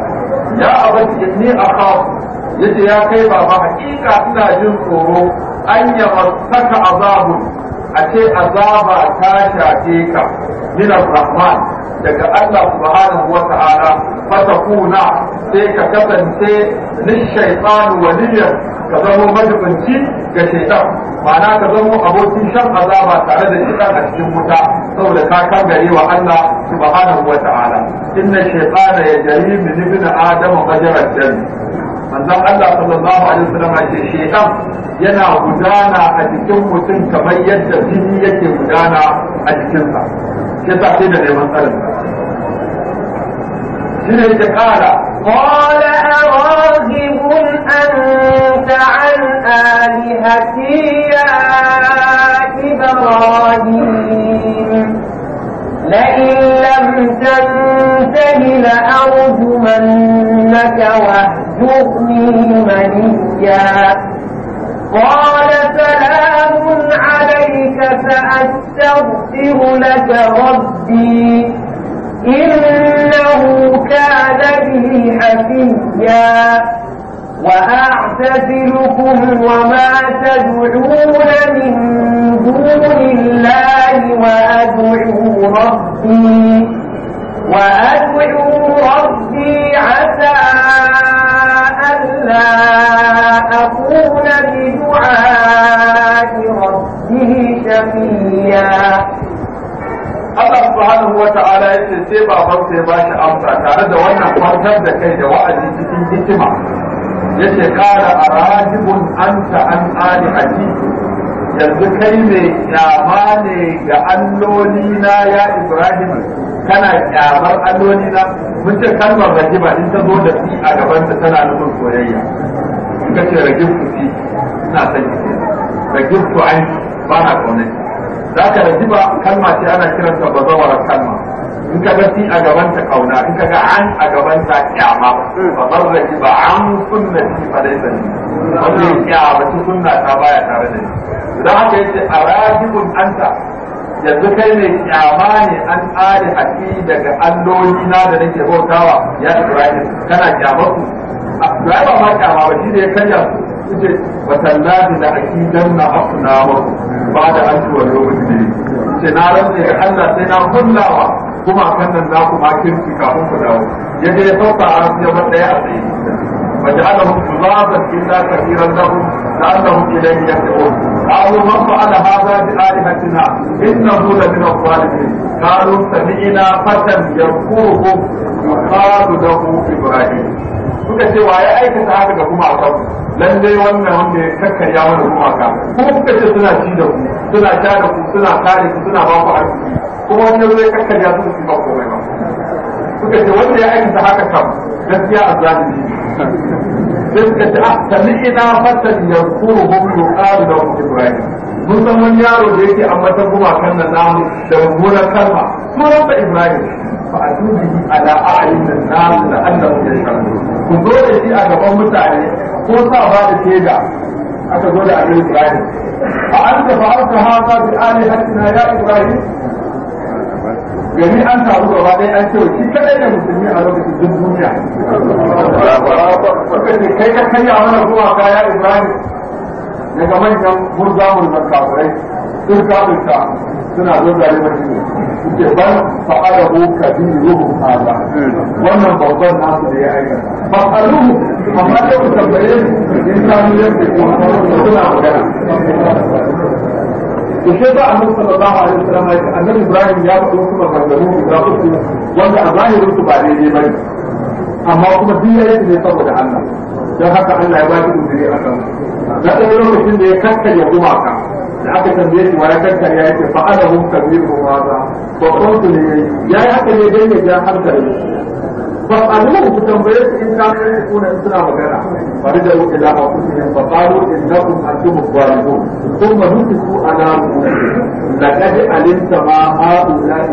ya abati inni akhaf yace ya kai baba hakika ina jin tsoro an saka azabun a ce azaba ta shafe ka min rahman daga Allah subhanahu wa ta'ala kuna sai ka kasance ni shaytan waliyan ka zama majibanci ga shaytan ma'ana ka zama abokin shan azaba tare da shi a cikin wuta saboda ka kangare wa Allah subhanahu wa ta'ala inna ya yajri min ibn adama majarar jannah manzon Allah sallallahu alaihi wasallam ce shedan yana gudana a cikin mutum kamar yadda jini yake gudana a cikin sa ya sa sai da neman tsarin shi ne ya kara qala arazibun anta an alihati ya ibrahim لئن لم تنته لأرجمنك وأهلك تغني منيا قال سلام عليك سأستغفر لك ربي إنه كان به حفيا وأعتزلكم وما تدعون من دون الله وأدعو ربي وأدعو ربي عسى ولا أكون بدعاء ربه شقيا Allah subhanahu wa ta'ala ya ce sai baban sai ba shi amsa tare da wannan kwantar da kai da wa'azi cikin hikima yace a rajibun anta an ali hadi yanzu kai mai kyama ne ga alloli na ya ibrahim kana kyamar alloli na mun ce kalmar rajiba in ta zo da fi a gaban ta tana nufin soyayya in ka ce ragib ku fi na san ki ragib ku ai ba na kone za ka rajiba kalma ce ana kiranta bazawar kalma in ka ga a gaban ta kauna in ka ga an a gaban ta kyama bar da ba an sunnati fa laysa ni wanda ya ba su sunna ta baya tare da ni don haka yace an anta yanzu kai ne kyama ne an tsari a fi daga alloli na da nake bautawa ya Ibrahim kana kyama ku Ibrahim ba ma kyama ba shi ne ya karya su ce watallahi da don na na ba da an tuwa lokaci ne ce na rantsa ga Allah sai na hullawa kuma kan nan za ku makin su kafin ku dawo ya je ya sauka a ya bar daya a tsaye fa ja'alahum dhubaban illa kathiran lahum la'annahum ilayhi yarji'un qalu man fa'ala hadha bi alihatina innahu la min al-zalimin qalu sami'na fatan yarkuhu yuqalu lahu ibrahim suka ce ya aikata haka ga kuma akan lallai wannan wanda ya kakkarya mana gumaka ko kuka ce suna ci da ku suna sha da ku suna kare ku suna ba ku arziki kuma wani zai kakkarya ya su ba komai ba suka ce wanda ya aikata haka kam gaskiya a zalimi sai suka ce ah sami'ina fatan yaqulu hum da lahu ibrahim mun san wani yaro da yake ambatan gumakan na namu da mummunan kalma sunansa ibrahim fa a atubi ala a'yunin nas la ya yashhadu ku zo da shi a gaban mutane ko sa ba da shaida aka zo da abin ibrahim fa anta fa'alta hadha bi alihatina ya ibrahim gari an samu gaba ɗaya an ce shi kadai da musulmi a lokacin duk duniya kai ka kai a mana zuwa kaya ibrahim daga manyan murza murzan kafirai sun kafirta suna zo da rimar shi suke ban fa'ada ko kabiri ruhu ala wannan babban nasu da ya aikata fa'alu amma da ku tambaye in ta nuna ko suna magana da sai ba a mutu sallallahu alaihi wasallam ya annabi Ibrahim ya faɗi wasu maganganu guda uku wanda a zahirin su ba daidai bane amma kuma duk yayin ne saboda Allah don haka Allah ya ba shi uzuri a kan na ɗaya lokacin da ya kakkarya gumaka da aka tambaye shi wa ya kakkarya ya ce fa'ada hum kabiru ma za ba ne ya yi haka ne dai ya ja hankalin فقالوا تتنبيت إن كانوا يكون إنسنا مجانا فرجعوا إلى أنفسهم فقالوا إنكم أنتم الظالمون ثم نكسوا على رؤوسهم لقد علمت ما هؤلاء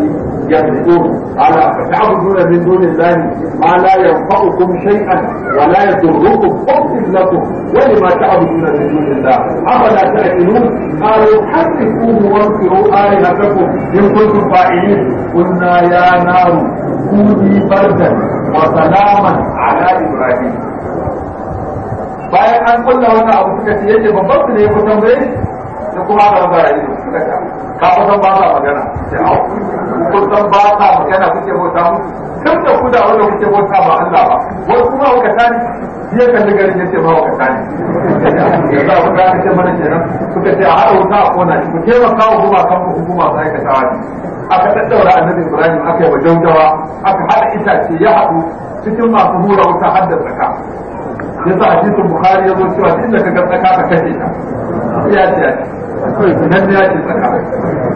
يكذبون على فتعبدون من دون الله ما لا ينفعكم شيئا ولا يضركم فاغفر لكم ولما تعبدون من دون الله أفلا تعقلون قالوا حرقوه وانفروا آلهتكم إن كنتم فاعلين قلنا يا نار كوني بردا wa salaman ala ibrahim bayan an kulla wannan abu suka ce yake babban su ne ko tambaye sai kuma ga ba rayu suka ta ka kusan ba sa magana kusan ba sa magana kuke bauta musu tun da ku da wanda kuke bauta ba Allah ba wasu kuma kuka tani shi ka kalli garin ya ce ma wa ne ya za ku ka ce mana kenan suka ce a haɗa wuta a kona ku taimaka wa kuma kan ku hukuma ta aikatawa ne aka daddaura annabi ibrahim aka yi wa jaujawa aka haɗa itace ya haɗu cikin masu hura wuta har da tsaka ya sa hadisin bukhari ya zo cewa inda ka ga tsaka ka kashe ta ya ce ya ce nan ya ce tsaka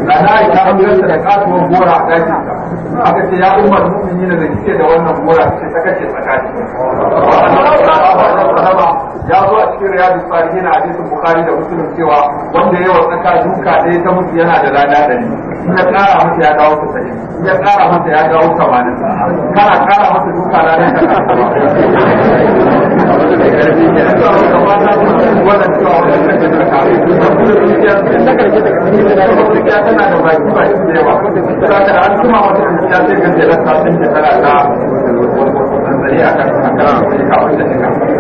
da na yi ta hanyar da katuwar gora a dakin ta aka ce ya umar mu'mini da kike da wannan gora ce ta kace tsaka riyadu salihin hadisin bukhari da muslim cewa wanda yawa tsaka duka ɗaya ta mutu yana da lada ɗari in ya ƙara masa ya dawo ta sai in ya ƙara masa ya dawo tamanin kana ƙara masa duka lada ta tana da baki ba da yawa saboda an kuma wata gaskiya sai gaskiya ta tantance tana ta wani a kan kan kawai da ta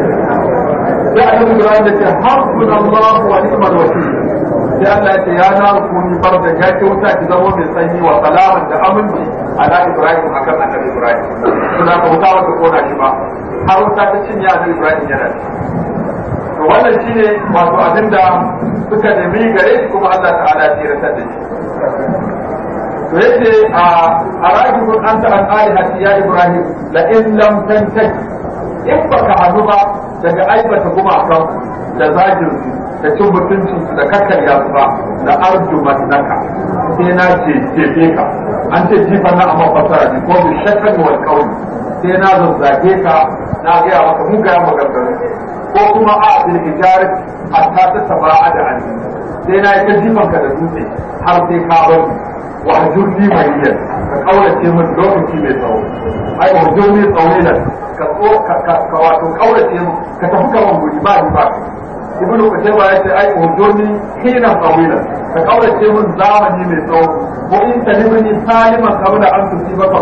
sai annabi da ya ce hasbuna Allah wa ni'mal wakil sai Allah ya ce ya na kuni farda ya ce wuta ki zama mai sanyi wa salaman da aminci ala Ibrahim akan annabi Ibrahim suna ka wuta wata kona shi ba har wuta ta cinye annabi Ibrahim yana to wannan shi ne wato abinda suka nemi gare shi kuma Allah ta'ala ya tsira da shi to yace a arajibun anta an alihati ya Ibrahim la in lam tantak in ba daga aibata gumakan da zaginsu da cin mutuncin da kakar su ba da arju matnaka sai na ce jefe ka an ce jifa na amma fasara ne ko bi shakkan wani kauli sai na zazzage ka na gaya maka gaya maganganu ko kuma a abin ijarat a ta a da an sai na yi ta jifan ka da dutse har sai ka bari wa jirgin mai ka ƙaurace min lokaci mai tsawo ai tsawo ne ka ko ka wato kaurace mu ka tafi kaman guri ba ni ba ibn kutayba ya ce ai uduni hina qawila ka ƙaurace mun zamani mai tsawo ko in talibani salima kabla an tusiba ka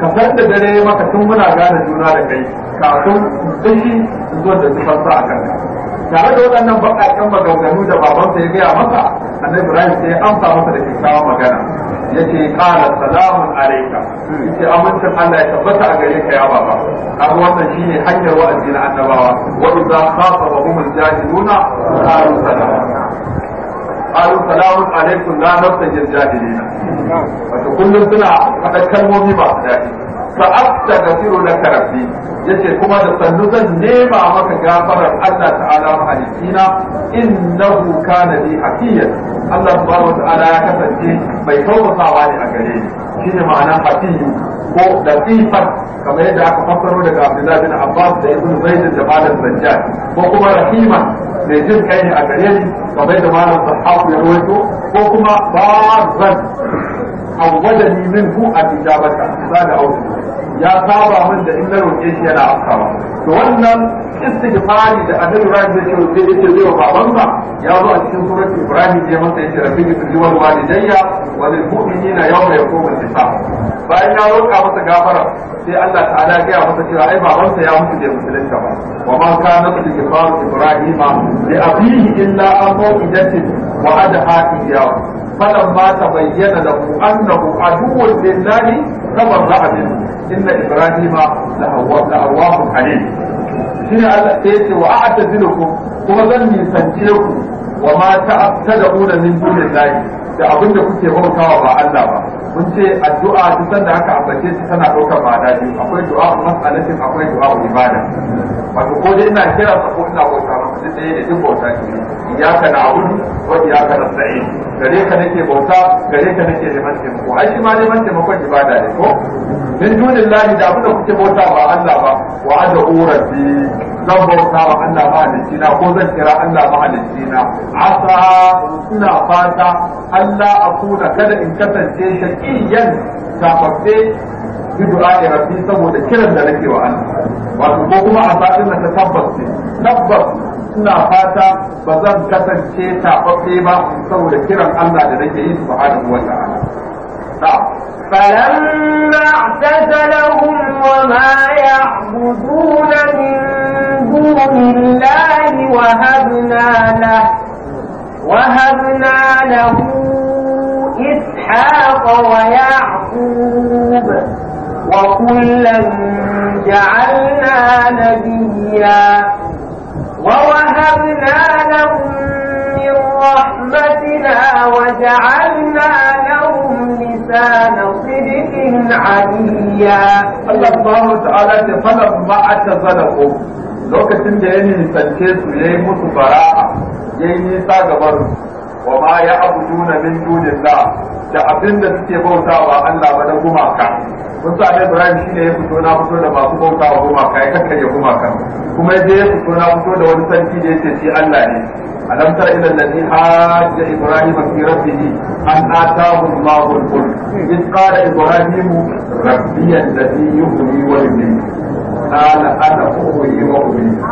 ka san da dare maka tun muna gane juna da kai kafin sai zo da tufan a akan tare da waɗannan baƙaƙen maganganu da babansa ya gaya masa annabi ibrahim sai ya amsa masa da kyakkyawan magana ya ce ƙara salamun alaika ce amincin allah ya tabbata a gare ka ya baba abu wannan shi ne hanyar wa'azi na annabawa wa idza khafa wa hum jahiluna qalu salama qalu salamun alaikum la nafsa jahilina wato kullum suna faɗa kalmomi masu daɗi sa'astaghfiru laka ya ce kuma da sannu zan nema maka gafarar Allah ta'ala mahalicina innahu kana bi hakiyan Allah subhanahu wata'ala ya kasance mai tausasawa ne a gare ni shine ma'ana hakiyu ko latifan kamar yadda aka fassaro daga Abdullahi bin Abbas da Ibn Zaid da Malam Zajjaj ko kuma rahiman mai jin kai ne a gare ni kamar da Malam Sahab ya rawaito ko kuma ba zan bazan awwadani minhu a tijabata da audu ya saba min da in na roƙe shi yana afkawa to wannan istighfari da annabi rai zai ce zai yace zai wa babansa ya zo a cikin surat Ibrahim ya masa yace rabbi bi wal walidayya wa lil mu'minina yawma koma hisab bayan ya roƙa masa gafara sai Allah ta'ala a gaya masa cewa ai babansa ya mutu bai musulunta ba wa ma kana Ibrahima ikhbaru ibrahim li abihi illa an mawqidatin wa adha iyyahu falamma tabayyana lahu annahu aduwwun lillahi tabarra'a minhu inna ibrahim la hawwa la awwahu alim shine Allah sai ce wa a'tadilukum kuma zan nisance ku wa ma ta'taduna min dunillahi da abinda kuke bautawa ba Allah ba mun ce addu'a duk sanda aka ambace shi tana ɗaukar ma'ana biyu akwai du'a mas'alatin akwai du'a ibada wato ko dai ina kira sa ko ina bauta ma duk ɗaya ne duk bauta ke ko ya ka na sa'i gare ka nake bauta gare ka nake neman taimako ai shi ma neman taimakon ibada ne ko min dunillahi da abin da kuke bauta ba Allah ba wa ad'u rabbi zan bauta wa Allah da na ko zan kira Allah da na asa ina fata Allah kuna kada in kasance shi yan kafaffe bi du'a da rabbi saboda kiran da nake wa Allah wato ko kuma a fadin ta tabbas ce tabbas ina fata ba zan kasance tafaffe ba saboda kiran Allah da nake yi subhanahu wa ta'ala فلما اعتزلهم وما يعبدون من دون الله وهبنا له وهبنا له إسحاق ويعقوب وكلا جعلنا نبيا ووهبنا لهم من رحمتنا وجعلنا لهم لسان صدق عليا الله تعالى تفلق ما lokacin da لو كنت su ya yi musu fara'a ya yi wa ma ya abuduna min dunillah da abin da suke bautawa Allah ba da gumaka mun sa ne Ibrahim shine ya fito na fito da masu bautawa gumaka ya ya gumaka kuma ya je ya fito na fito da wani sarki da yake shi Allah ne alam tara ila alladhi hajja ibrahim fi rabbih an ataahu Allahu al-mulk iz qala ibrahim rabbi alladhi yuhyi wa yumiitu قال انا احيي واميت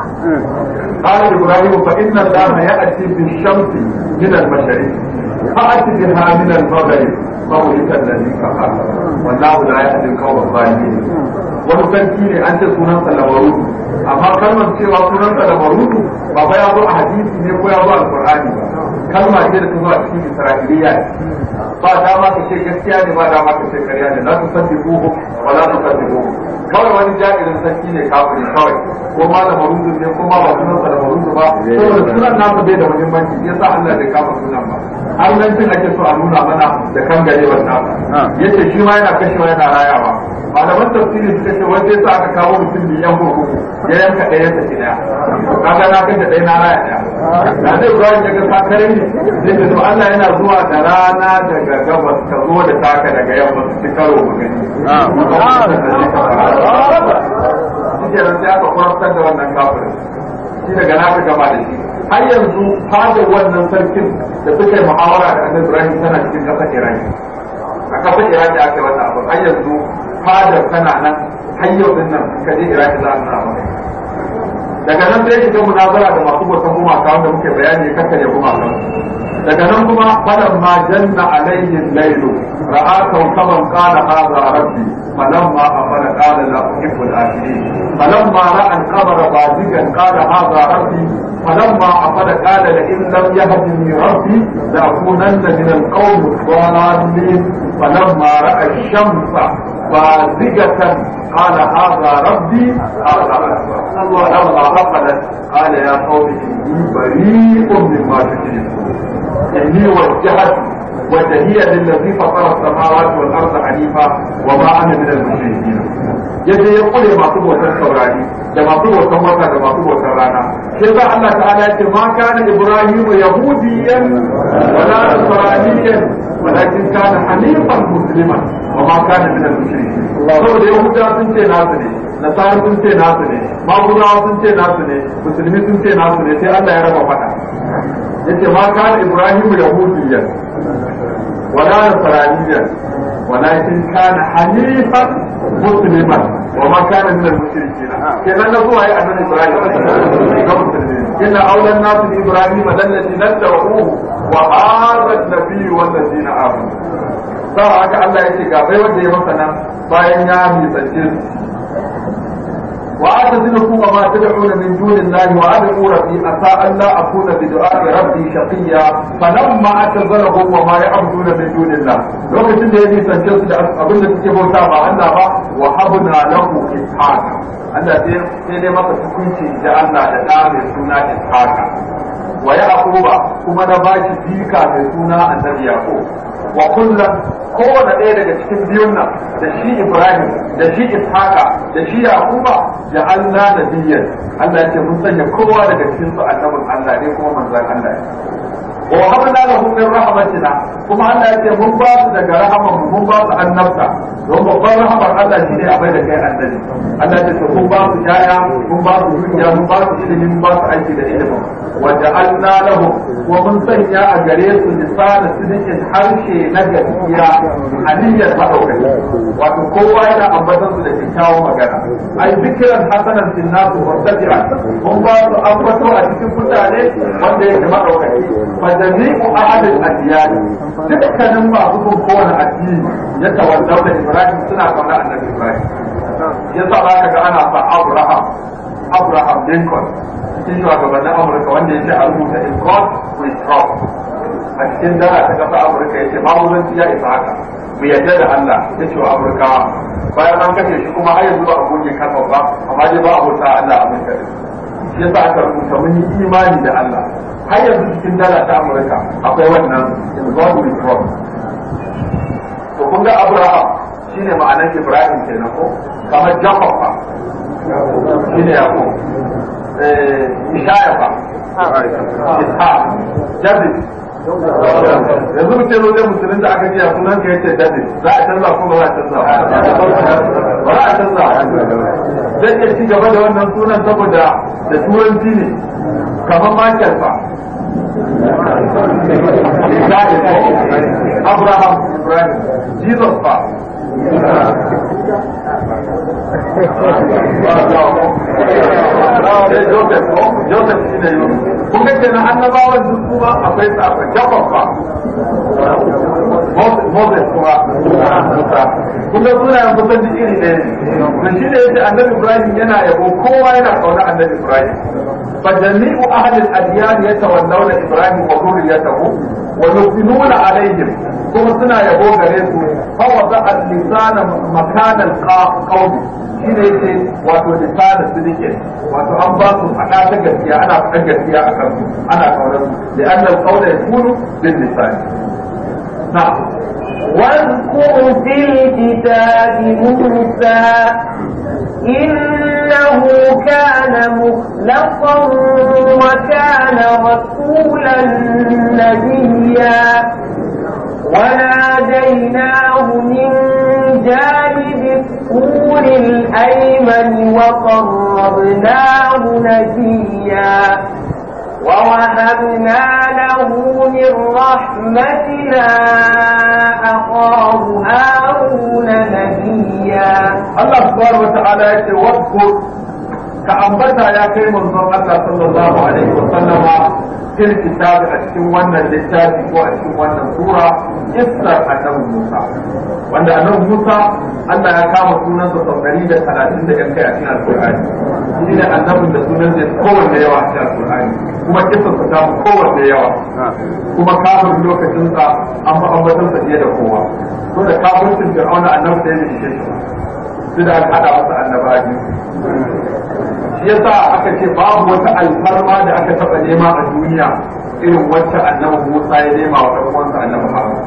قال ابراهيم فان الله ياتي بالشمس من المشرق فات بها من المغرب فهلك الذي كفر والله لا يهدي القوم الظالمين wani sarki ne an ce sunansa labarutu amma kalmar cewa sunansa labarutu ba ba ya zo a hadisi ne ko ya zo alqur'ani ba kalma ce da ta zo a cikin isra'iliya ba dama gaskiya ne ba dama ka ce karya ne ba za bar wani ja'irin sarki ne kafin kawai ko ma da maruzu ne ko ma ba nasa da maruzu ba saboda sunan nasu bai da muhimmanci ya sa Allah da kafa sunan ba har nan ake so a nuna mana da kan gare wannan ah. yace shi ma yana kashewa yana rayawa malaman tafsiri suka ce wanda yasa aka kawo mutum da yan kurkuku ya yanka ɗaya ta shi ɗaya kaga na kan da ɗaya na raya ɗaya Na zai zuwa ga sakare ne zai ce Allah yana zuwa da rana daga gabas ka zo da taka daga yamma su ci karo mu gani ah. shi ke sai aka kwartar da wannan kafirin shi daga na ka gama da shi har yanzu fada wannan sarkin da suke yi muhawara da annabi Ibrahim tana cikin ƙasar Iraki a ƙasar Iraki aka yi wannan abu har yanzu fadar tana nan har yau din nan ka je iraki za a nuna daga nan sai ita munazara da masu bautan gumaka wanda muke bayani kakka kuma gumakan daga nan kuma falan ma janna alayhin laylu ra'a kawkaban qala hadha rabbi falamma afala qala la uhibbu al-akhirin falamma ra'a al-qamar bazigan qala hadha rabbi falamma afala qala la in lam yahdini rabbi la akunanna min al-qawmi الضالين ra'a رأى shamsa بازقة قال هذا ربي فلما عقلت قال يا قوم إني بريء مما تشركون إني وجهت وجهي للذي فطر السماوات والأرض حنيفا وما أنا من المشركين yadda ya kure masu bautar saurari da masu bautar wata da masu bautar rana shi za Allah ta'ala ce ma kana ibrahimu yahudiyan wala nasraniyan walakin kana hanifan musliman wa ma kana min al-mushrikin saboda yahudawa sun ce nasu ne nasara sun ce nasu ne magudawa sun ce nasu ne musulmi sun ce nasu ne sai Allah ya raba fada yace ma kana ibrahim yahudiyyan wala nasraniyyan walakin kana hanifan musliman wa ma kana min al-mushrikin kenan na zuwa ya annabi ibrahim ga musulmi inna awlan nas bi ibrahim alladhi nadawuhu wa hadha an-nabiy wal ladina ba haka Allah ya ce ga bai wanda ya masa nan bayan ya nisance su wa atazilukum wa ma da min lahi wa ad'u rabbi asa alla akuna bi du'a'i rabbi shaqiya aka zara wa ma ya da min la? lokacin da ya nisance su da abin da suke bauta ba Allah ba wa habna lahu ishaq Allah sai sai ne masa hukunci da Allah da da mai suna ishaq wa ya'quba kuma da bashi dika mai suna annabi yaqub wa kullum kowane ɗaya daga cikin biyun nan da shi Ibrahim da shi Ishaqa da shi Yakuba ya Allah nabiyyan Allah ya ce mun sanya kowa daga cikin su annabin Allah ne kuma manzon Allah ne wa habna lahum min rahmatina kuma Allah ya ce mun basu su daga rahaman mun ba su annabta don babban rahamar Allah shi ne abai da kai annabi Allah ya ce mun ba su yaya mun ba su dukiya mun ilimi mun ba aiki da ilimi wa ja'alna lahum wa mun sanya a gare su lisana sidikin harshe na gaskiya aniyar madaukaki wato kowa yana ambaton su da kyakkyawan magana ai zikiran hasanan fil mun a cikin mutane wanda yake jami'u ahadin adiyani dukkanin masu bin kowane addini ya tawallau da ibrahim suna a annabi ibrahim ya sa ba ka ga ana fa abraham abraham lincoln cikin na amurka wanda ya ce a rubuta in god we strong a cikin dara ta kasa amurka ya ce mamulanci ya isa haka mu yadda da allah ya ce wa amurkawa bayan an kashe shi kuma har yanzu ba a goge kansa ba amma dai ba a bauta allah amurka din shi ya sa aka rubuta mun yi imani da allah har yanzu cikin dala ta amurka akwai wannan involved with trump to kun ga abraham shine ma'anar ibrahim ke kenan ko kamar jacob ba shine yakub eh ishaya ba isha david yanzu mutum zo zai musulun da aka jiya sunan ka yace david za a canza ko ba za a canza ba za a canza zai iya ci gaba da wannan sunan saboda da turanci ne kamar Michael ba Abraham Ibrahim Jesus ba Joseph ne yau kun ga kenan annabawan duk kuma akwai tsafin Jacob ba Moses kuma kun ga sunayen kusan duk iri ɗaya ne shi da yake annabi Ibrahim yana yabo kowa yana kauna annabi Ibrahim fa jami'u ahli al-adyan yatawallawna Ibrahim wa dhurriyyatahu wa yuqinuna alaihim kuma suna yabo gare su fa wada al-lisana makanan qawmi shi ne yake wato lisanin sidike wato an ba su faɗa ta gaskiya ana faɗa gaskiya a kansu ana kaunar su da annal qawla yakunu bil lisani نعم. واذكر في الكتاب موسى إنه كان مخلصا وكان رسولا نبيا وناديناه من جانب الطور الأيمن وقربناه نبيا ووهبنا له من رحمتنا أخاه هارون نبيا الله سبحانه وتعالى يقول ka ambata ya kai manzon Allah sallallahu alaihi wa sallama fil kitab a cikin wannan littafi ko a cikin wannan sura isra annabi Musa wanda annabi Musa Allah ya kama sunan sa sau 130 da yan kai a cikin alqur'ani shi ne annabin da sunan sa kowanne yawa a cikin alqur'ani kuma kisan sa ta kowanne yawa kuma kafin lokacin sa an fa ambatan sa da kowa to da kafin kafircin fir'auna annabi sai ya shi shi da aka hada masa annabawa yasa aka ce babu wata alfarma da aka taɓa nema a duniya irin wacce annabi Musa ya nema wa ɗan uwansa annabi Harun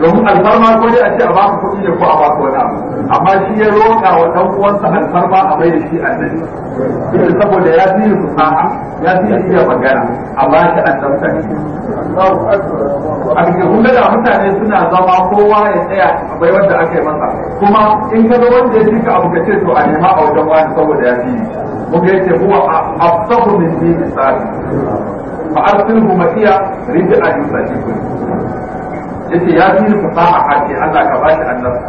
domin alfarma ko dai a ce a baka kuɗi ne ko a baka wani abu amma shi ya roƙa wa ɗan uwansa alfarma a mai da shi annabi irin saboda ya fi su sa'a ya fi iya magana a ba shi annabta a cikin mutane suna zama kowa ya tsaya a bai wanda aka yi masa kuma in ka ga wanda ya cika abu ka ce to a nema a wajen wani saboda ya fi yi, ga yake huwa a min bi misali fa arsilhu ma'iya rinda a yi sati yace ya fi fasaha haƙi Allah ka bashi annabi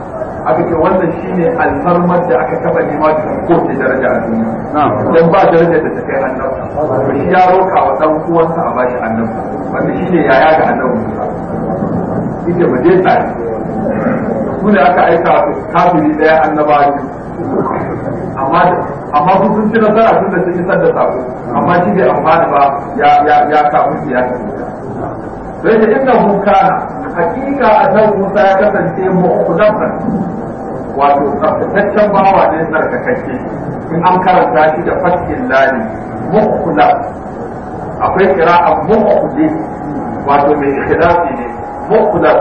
aka ce wannan shine alfarmar da aka taba nema da ko ce daraja a duniya dan ba daraja da ta kai annabi to shi ya roka wa dan uwansa a bashi annabi wannan shine yaya ga annabi Musa yace ba je tsari su ne aka aika kafiri daya annabawa amma su sun ci nasara tun da sun yi sanda sako amma shi bai amfana ba ya ya ya samu siyasa sai da inda hukana hakika annabi Musa ya kasance mu'tazafan wato tsaftataccen bawa ne tsarkakakke in an karanta shi da fatkin lali mu'kula akwai kira a mu'kuli wato mai ikhlasi ne mu'kula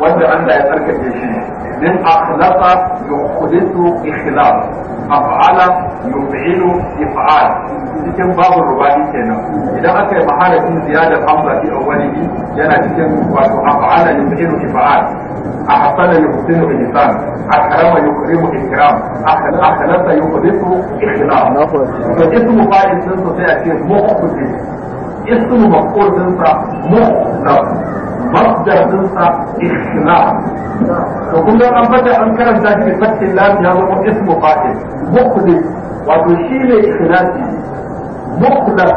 wanda Allah ya tsarkake shi ne من أخلق يحدث إخلاق أفعل يفعل إفعال cikin babu rubani kenan idan aka yi maharafin ziyadar hamza fi awwalihi yana cikin wato af'ala yuf'ilu if'al ahsana yuhsinu ihsan akrama yukrimu ikram akhlasa yuhdithu ikhlas to ismu fa'il sun sai a ce muqtadi ismu maf'ul sun sa muqtadi مصدر تنسى اختلاف وكل ما بدا انكر ذلك بفتح اللام هذا اسم قائل مخلص وتشيل اختلافي مخلص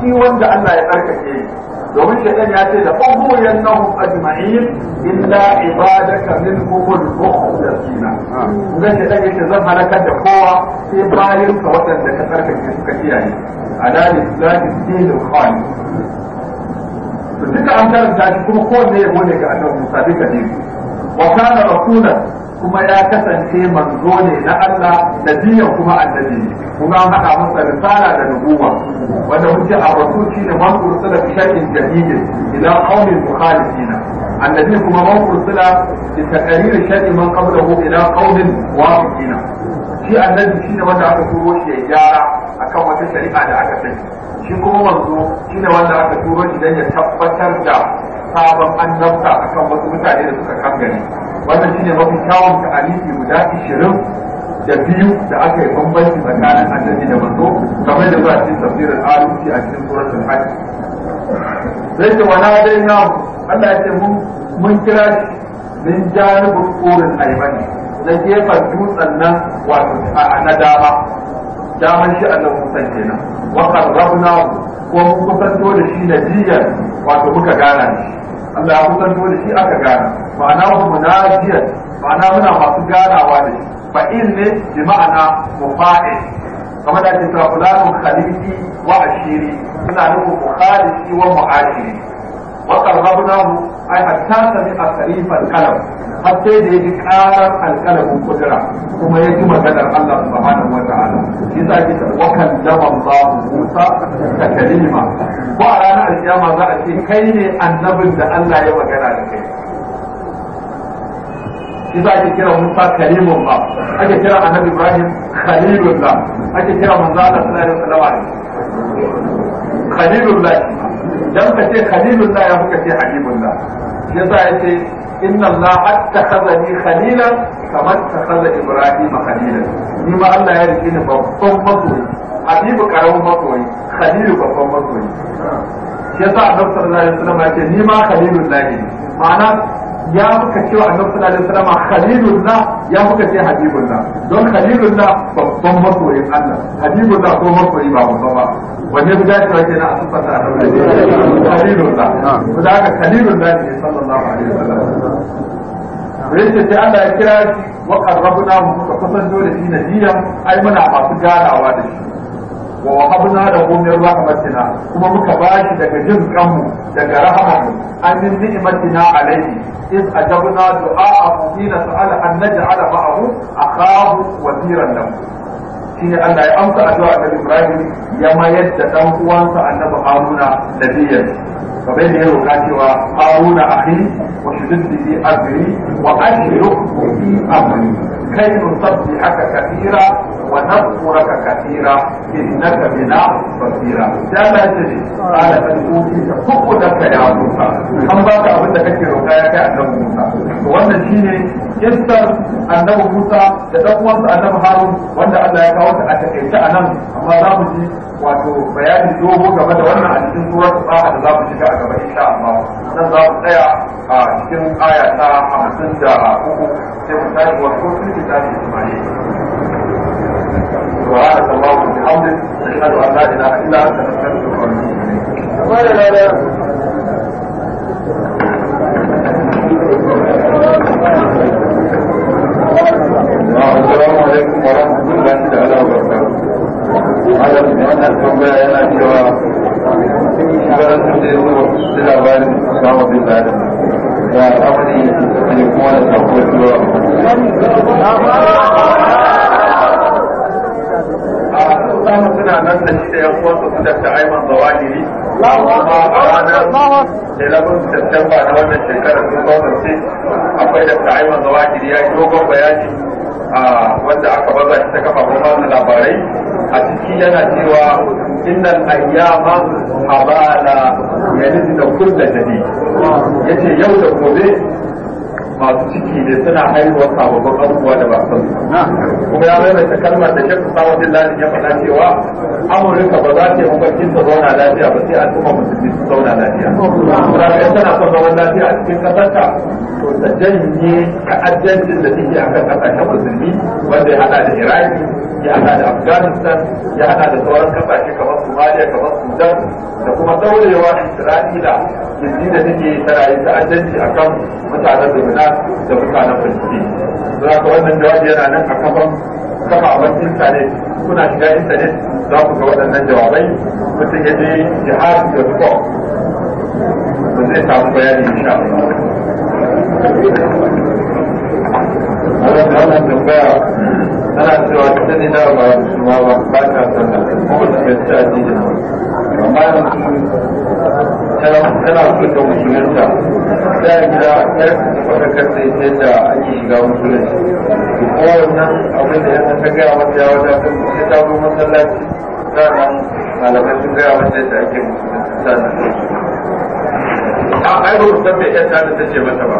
في وند الله يبارك فيه domin shaitan ya ce da ƙwazo yan nahun ajma'in illa ibadaka min kumul mukhlasina ga shaitan yake zan halakar da kowa sai bayan ka waɗanda ka tsarkake suka kiyaye ala lillahi dinul khalis duka an karanta shi kuma kowanne yabo ne ga annabi Musa duka ne wa kana rasulan kuma ya kasance manzo ne na Allah nabiyan kuma annabi ne kuma an haɗa masa risala da nubuwa wanda muke a rasul shine man ursila bi shay'in jadid ila qaumin mukhalifina annabi kuma man ursila bi taqrir shay'in man qablahu ila qaumin wafiqina shi annabi shine wanda aka turo shi ya gyara akan wata shari'a da aka sani shi kuma manzo shine wanda aka turo idan ya tabbatar da sabon annabta akan wasu mutane da suka kangane wannan shine mafi kyawun ta'alifi guda ishirin da biyu da aka yi bambanci tsakanin annabi da manzo kamar da a cikin tafsirin alusi a cikin suratul hajj sai ce wala dai na Allah ya ce mun mun kira shi min janibul qurin aymani da gefen dutsen nan wato na dama daman shi annan kusan kenan wa qarrabna ko mun kusanto da shi najiyan wato muka gana shi Allah ya kusanto da shi aka gana ma'ana mu munajiyan ma'ana muna masu ganawa da shi fa in ne bi ma'ana mufa'il kamar da ake cewa ku khaliki wa ashiri suna nufin mukhalifi wa mu'ashiri wa qarrabnahu ai hatta sami asrif al-qalam har sai da yaji karar al-qalam kudura kuma yaji maganar Allah subhanahu wa ta'ala shi za ki wa kallama Allah Musa ta kalima ko a ranar alkiyama za a ce kai ne annabin da Allah ya magana da kai shi za ake Musa ba Ibrahim dan ka ce khalilullah ya kuka ce habibullah ya ya ce inna Allah attakhadhani khalila kama attakhadha Ibrahim khalila ni ma Allah ya rike ni babban makoyi habibu karamin makoyi khalilu babban masoyi yasa Annabi sallallahu alaihi wasallam ya ce ni ma khalilullah ne ma'ana ya muka wa annabi sallallahu alaihi wasallam khalilullah ya muka ce habibullah don khalilullah babban masoyin Allah habibullah ko masoyi ba babba ba wanne guda ce wa kenan a sifata annabi khalilullah to da haka khalilullah ne sallallahu alaihi wasallam yace sai Allah ya kira shi wa qarrabna muka kusanto da shi nadiyan ai muna masu ganawa da shi wa wahabna lahu min rahmatina kuma muka bashi daga jin kanmu daga rahmatin an min ni'matina alayhi in ajabna du'a fina sa'ala an naj'ala ma'ahu akahu wasiran lahu shine Allah ya amsa addu'a ta Ibrahim ya mayar da dan uwansa annabi Haruna nabiyyan fa bai ne roka cewa Haruna akhi wa shuddi bi azri wa ashruku fi amri kai nusabbi haka kathira ونذكرك كثيرا إنك بنا بصيرا جل جل قال فالأوتيت فقدك يا موسى أم باك أبدا كثير وكايك أنه موسى وأن شيني يستر أنه موسى يتقوص أنه هارون وأن الله يكاوت أتكيش أنه أما لا مجي wato bayanin dogo game da wannan a cikin surar fasaha da za mu shiga a gaba insha Allah nan za mu tsaya a cikin aya ta hamsin da uku sai mu tashi wasu سبحانك اللهم وبحمدك أشهد أن لا إله إلا أنت أستغفرك وأتوب السلام عليكم ورحمة الله تعالى وبركاته. هذا سبحان الله أنا جوا da labarin samun bin da da amini da kuma da sabuwar zuwa uwansu su dakta aiman zawahiri a ranar 11 Septemba na wannan shekarar 2006 akwai dakta aiman zawahiri ya yi dogon bayani a wanda aka baza shi ta kafafen watsa labarai a ciki yana cewa innan ayyama habala yanzu da kulla jadi yace yau da gobe masu ciki ne suna haihuwa sababbin abubuwa da ba su kuma ya maimaita kalmar da shekku sawa billahi ya faɗa cewa amurka ba za ta yi mafarkin ta zauna lafiya ba sai an kuma musulmi su zauna lafiya rafiyar tana son zaman lafiya a cikin kasarta to ta janye ta'addancin da take a kan kasashen musulmi wanda ya hada da iraki ya hada da afghanistan ya hada da sauran kasashe kamar somalia kamar sudan da kuma daurewa isra'ila jirgi da take rayu ta ta'addanci a kan mutanen dubna da mutanen filistin za ka wannan jawabi yana nan a kafan kafa abincin intanet kuna shiga intanet za ku ga waɗannan jawabai mutum ya je jihar da ko ba zai samu bayani insha Allah wannan tambaya ana cewa ta ne na ba su ma ba ta ba kuma ta ce ta ji da tana kuka musulunta ta gida ta fatakar da yadda ake shiga musulunci ko wannan abin da yadda ta gaya mata ya wata ta kuka ta zo masallaci sannan malamai ta gaya mata ta ake musulunci sannan a aiko ta ta yadda ta ce mata ba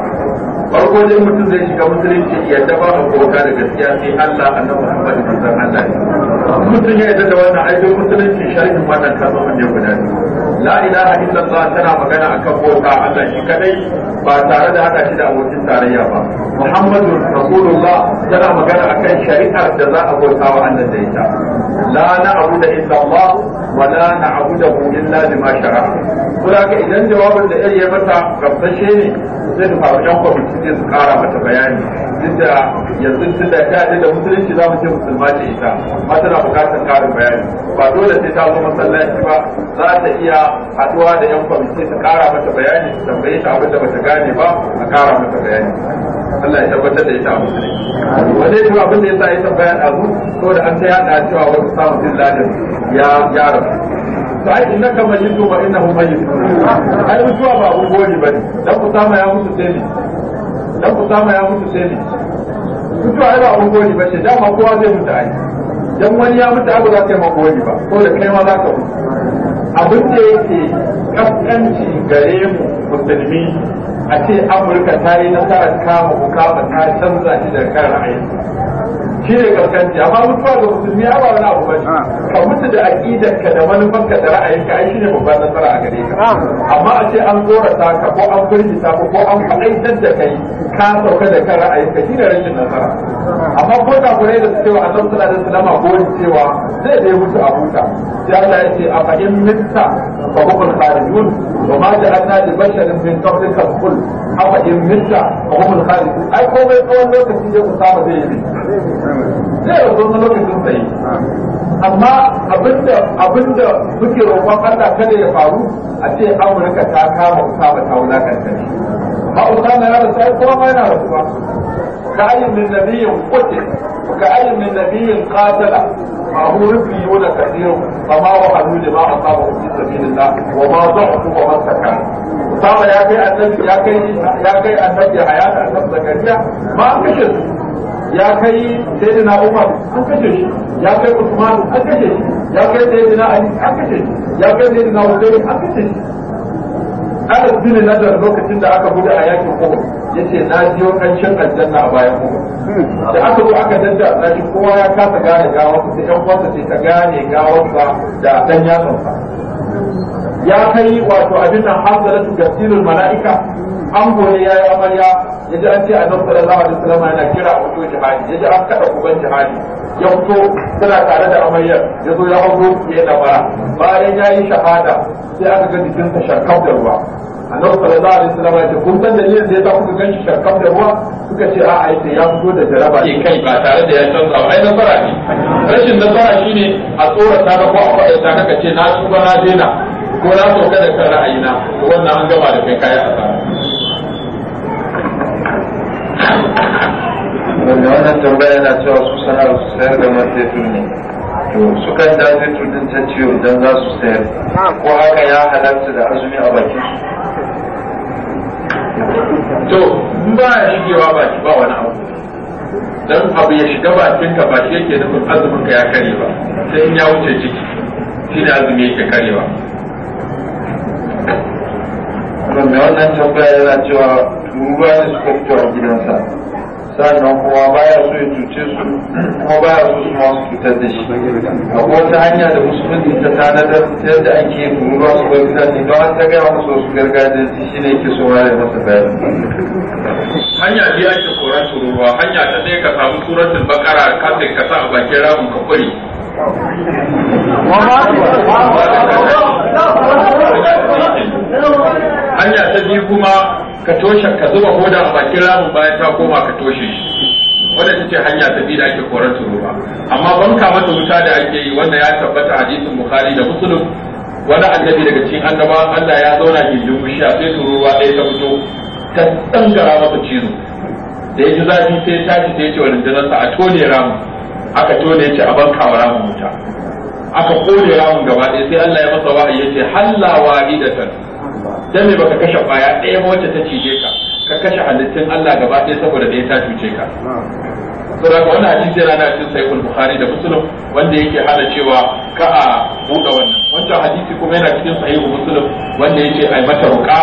farko dai mutum zai shiga musulunci ya ba a bauta da gaskiya sai Allah annabi Muhammad manzon Allah mutum ya yarda da wannan aibin musulunci sharhin wannan kalmomin ne guda biyu la ilaha illallah tana magana akan bauta Allah shi kadai ba tare da hada shi da abokin tarayya ba muhammadu rasulullah tana magana akan shari'ar da za a bauta wa Allah da ita la na'budu da Allah wa la na'budu illa bima shara'a Kula ka idan jawabin da yayi mata gamsashe ne sai da farujan kwamiti zai su kara mata bayani da yanzu tun da ta da musulunci za mu ce musulma ce ita amma tana bukatar karin bayani ba dole sai ta zo masallaci ba za ta iya haduwa da yan kwamiti ta kara mata bayani ta tambaye ta abin da bata gane ba a kara mata bayani Allah ya tabbatar da ita a musulunci wanda ya abin da ya sa ya tambaya a zu da an ta yada cewa wani samun jin ladin ya ya rasu sai innaka majidu wa innahu mayyit ai mutuwa ba abu ba bane dan ku sama ya mutu sai ne dan samu ya mutu sai ne mutu ai ba ungoli ba ce dama kowa zai mutu ai dan wani ya mutu abu za ka yi makoni ba ko da kai ma za ka mutu abin da yake kaskanci gare mu musulmi a ce amurka ta yi nasarar kama hukama ta canza shi da kan ra'ayi shi ne gaskanci amma mutuwa ga musulmi ya ba wani abu ba ah. ka mutu da aƙidar ka da ka da ra'ayinka shi ne babban nasara a gare ka ah. amma a ce an tsorata ka ko an firgita ka ko an faɗaitar da kai ka sauka da kan ra'ayinka shine rashin nasara amma ko da kure da su cewa annabi da alaihi ko gori cewa zai dai mutu a huta sai Allah ya ce a fa in mitta fa hukul kharijun wa ma ja'alna li basharin min qablika al-khul afa mitta fa hukul kharijun ai komai tsawon lokaci da usama zai yi zai yi kuma lokacin sai amma abinda abinda muke roƙon Allah kada ya faru a ce Amurka ta kama Usama ta wulakanta shi ma Usama ya rasu kuma kowa yana rasuwa ka ayin min nabiyyin qutil ka ayin min nabiyyin qatala ma hu rubiyuna kathir fa ma wa halu a ma asaba fi da, wa ma dha'fu wa ma sakana Usama ya kai annabi ya kai ya kai annabi hayata annabi zakariya ma an kashe su ya kai na Umar an kashe shi ya kai Usman an kashe shi ya kai na Ali an kashe shi ya kai na Hussein an kashe shi Anas na zara lokacin da aka buɗe a yakin ya ce na jiyo kancin aljanna a bayan kuma da aka zo aka danda na ji kowa ya kasa gane gawar sa 'yan kwanta ce ta gane gawar sa da dan yatsan ya kai wato abin nan hadaratu gasilul mala'ika an ne ya yi amarya ya ji an ce a nan sallallahu alaihi wasallam yana kira a fito jihadi ya ji an kada kuban jihadi ya fito tana tare da amaryar ya zo ya hago ya yi dabara bayan ya yi shahada sai aka ga jikinsa sharkaf da ruwa annabi sallallahu alaihi wasallam ya ce kun san dalilin da ya sa kuka ganshi sharkaf da ruwa suka ce a ai sai ya fito da jaraba ne kai ba tare da ya canza ba ai nasara ne rashin nasara ne a tsorata ka ko a faɗaita kaka ce na tuba na daina ko na sauka da kan ra'ayina to wannan an gama da kai kayan asara wanda wannan tambaya yana cewa su sana su sayar da man zaitun ne to su kan da zaitun din ta ciwo dan za su sayar ko haka ya halatta da azumi a baki? to ba shigewa baki ba wani abu dan abu ya shiga bakin ka ba shi yake nufin azumin ka ya kare ba sai in ya wuce ciki shi da azumi yake karewa ba. wannan tambaya yana cewa ruwa ne su fito a gidansa sannan kuma baya so ya cuce su kuma baya so su masu cutar da shi a wata hanya da musulunci ta tanadar ta yadda ake yin kuma ba su bai fita ne ba ta gaya musu su gargajiya shi ne ke so mara masa bayani hanya ce ake koran turuwa hanya ta ɗaya ka samu suratul bakara ka sai ka sa a bakin ramin ka kuri hanya ta biyu kuma ka toshe ka zuba hoda a bakin ramin bayan ta koma ka toshe shi wanda ta ce hanya ta biyu da ake korar ba. amma banka mata wuta da ake yi wanda ya tabbata hadisin bukhari da muslim wani annabi daga cikin annaba Allah ya zauna gindin bishiya sai turuwa ɗaya ta fito ta tsangara masa cizo da ya ji zafi sai ya tashi sai ya ce wa rundunarsa a tone ramin. aka tone ce a banka wa ramin wuta aka kone ramin gaba ɗaya sai Allah ya masa wa'ayi ya ce halla wahidatan dan me baka kashe kwaya ɗaya ba wacce ta cije ka ka kashe halittun Allah gaba ɗaya saboda da ya ta cuce ka saboda ka wannan hadisi yana cikin sahihul bukhari da muslim wanda yake hana cewa ka a buɗe wannan wancan hadisi kuma yana cikin sahihul muslim wanda yake ai mata ruka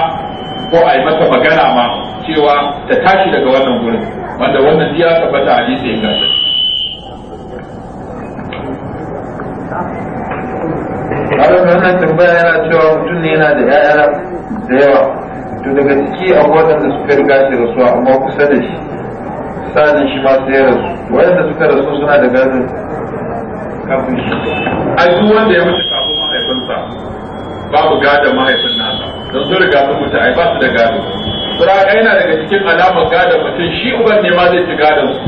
ko ai mata magana ma cewa ta tashi daga wannan gurin wanda wannan ya tabbata hadisi ya gasa Abin wannan tambaya yana cewa mutum ne yana da 'ya'ya da yawa to daga ciki wannan waɗanda suka riga shi rasuwa amma kusa da shi sa'adin shi ma sai rasu waɗanda suka rasu suna da gazin kafin shi a duk wanda ya mutu kafin mahaifinsa babu gadon mahaifin nasa don sun riga sun mutu ai ba su da gado sura yana daga cikin alamar gadon mutum shi uban ne ma zai ci gadon su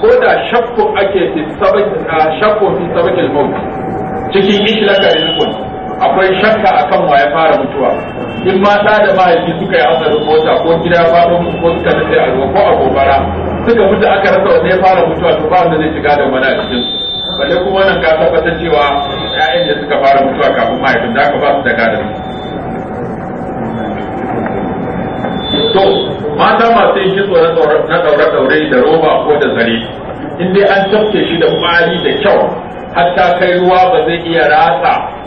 ko da shakkun ake fi sabakin shakkun cikin sabakin maut da ishlaka akwai shakka akan wa ya fara mutuwa in ma da mahaifi suka yi hatsarin mota ko gida ba don ko suka nutse a ko a gobara suka mutu aka rasa wanda ya fara mutuwa to ba wanda zai shiga da mana a cikin balle kuma wannan ka tabbatar cewa ƴaƴan da suka fara mutuwa kafin mahaifin da aka ba su da gadon to mata masu yin kitso na daure-daure da roba ko da zare in dai an tafke shi da kwali da kyau hatta kai ruwa ba zai iya ratsa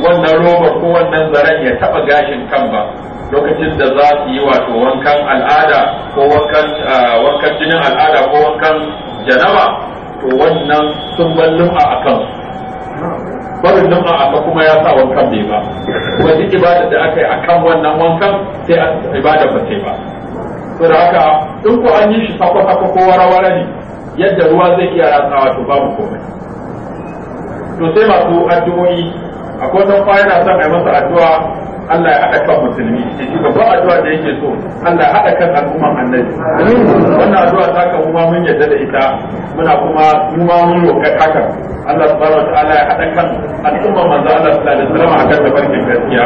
wannan roba ko wannan zaren ya taba gashin kan ba lokacin da za su yi wato wankan al'ada ko wankan jinin al'ada ko wankan janaba to wannan sun bar lum'a a kan barin lum'a a kuma ya sa wankan bai ba kuma duk ibadar da aka yi a kan wannan wankan sai ibada ba sai ba to da haka in ko an yi shi sako-sako ko wara-wara ne yadda ruwa zai iya ratsawa to babu komai to sai masu addu'o'i akwai wani kwa yana son a masa addu'a Allah ya haɗa kan musulmi da shi babban addu'a da yake so Allah ya haɗa kan al'umman annabi wannan addu'a ta kan kuma mun yadda da ita muna kuma mu ma mun roƙa haka Allah subhanahu wa ta'ala ya haɗa kan al'umman manzo Allah sallallahu alaihi wasallam akan tafarkin gaskiya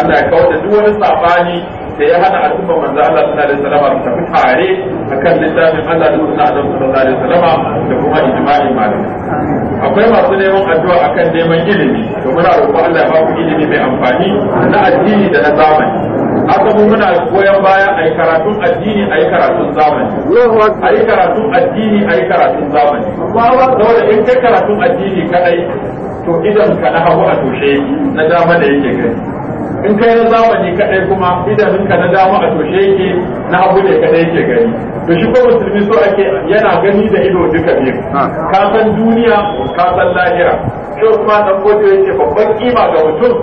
Allah ya kawo da duk wani sabani Sai ya hada al'umma manzo Allah sallallahu alaihi wasallam da fi tare akan littafin Allah da sunna Allah sallallahu alaihi wasallam da kuma ijma'i malamai akwai masu neman addu'a akan neman ilimi to muna roƙo Allah ya ba ku ilimi mai amfani na addini da na zamani haka mun muna goyon baya a yi karatun addini a yi karatun zamani a yi karatun addini a yi karatun zamani saboda in kai karatun addini kadai to idan ka na hagu a toshe na dama da yake gani in kai na zamani kadai kuma ka na dama a toshe yake na abu ne kadai yake gani to shi ko musulmi so ake yana gani da ido duka biyu ka san duniya ka san lahira shi kuma dan gode yake babban kima ga mutum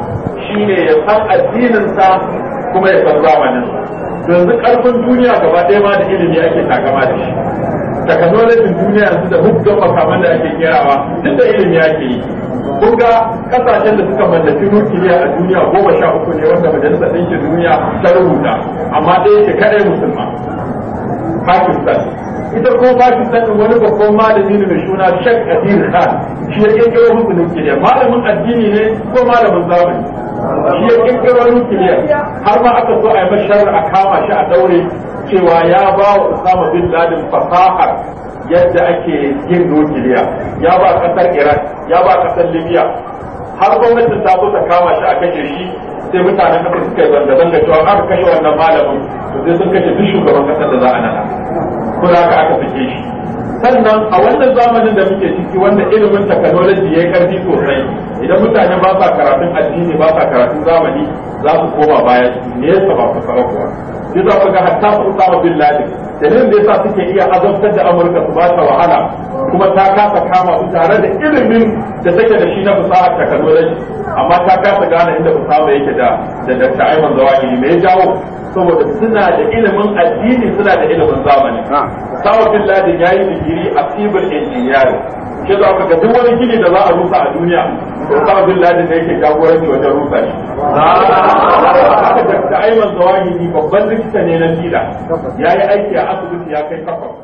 shine ya san addinin sa kuma ya san zamanin sa yanzu karfin duniya gaba ɗaya ma da ilimi ake takama da shi daga kanonajin duniya yanzu da hukkan makaman da ake kirawa duk da ilimi ake yi kun ga kasashen da suka mallaki nukiliya a duniya goma sha uku ne wanda majalisa ɗinki duniya ta rubuta amma ɗaya ke kaɗai musulma pakistan ita ko pakistan wani babban malami ne mai suna shek kadir khan shi ya kirkiro nukiliya malamin addini ne ko malamin zamani shi ya kirkiro nukiliya har ma aka so a yi mashar a kama shi a daure cewa ya ba wa Usama bin Ladin fasahar yadda ake yin nukiliya ya ba kasar Iraq ya ba kasar Libya har gwamnatin ta so ta kama shi a kashe shi sai mutanen kasar suka yi zanga-zanga cewa aka kashe wannan malamin to sai sun kashe duk shugaban kasar da za a nana ko za ka aka fice shi sannan a wannan zamanin da muke ciki wanda ilimin technology ya yi karfi sosai idan mutane ba sa karatun addini ba sa karatun zamani za su koma baya ne ya saba su ya za ku ga hatta su Usama bin Laden dalilin da yasa suke iya azabtar da Amurka su ba ta wahala kuma ta kasa kama su tare da ilimin da take da shi na fasahar technology amma ta kasa gane inda Usama yake da da Dr. Ayman Zawahiri me jawo saboda suna da ilimin addini suna da ilimin zamani ah. Usama bin Laden yayi digiri a civil engineering ke za ka duk wani gini da za a rusa a duniya to ta bin ladin da yake jagoranci wajen rusa shi da aiman zawahiri babban likita ne na fila ya yi aiki a asibiti ya kai kafa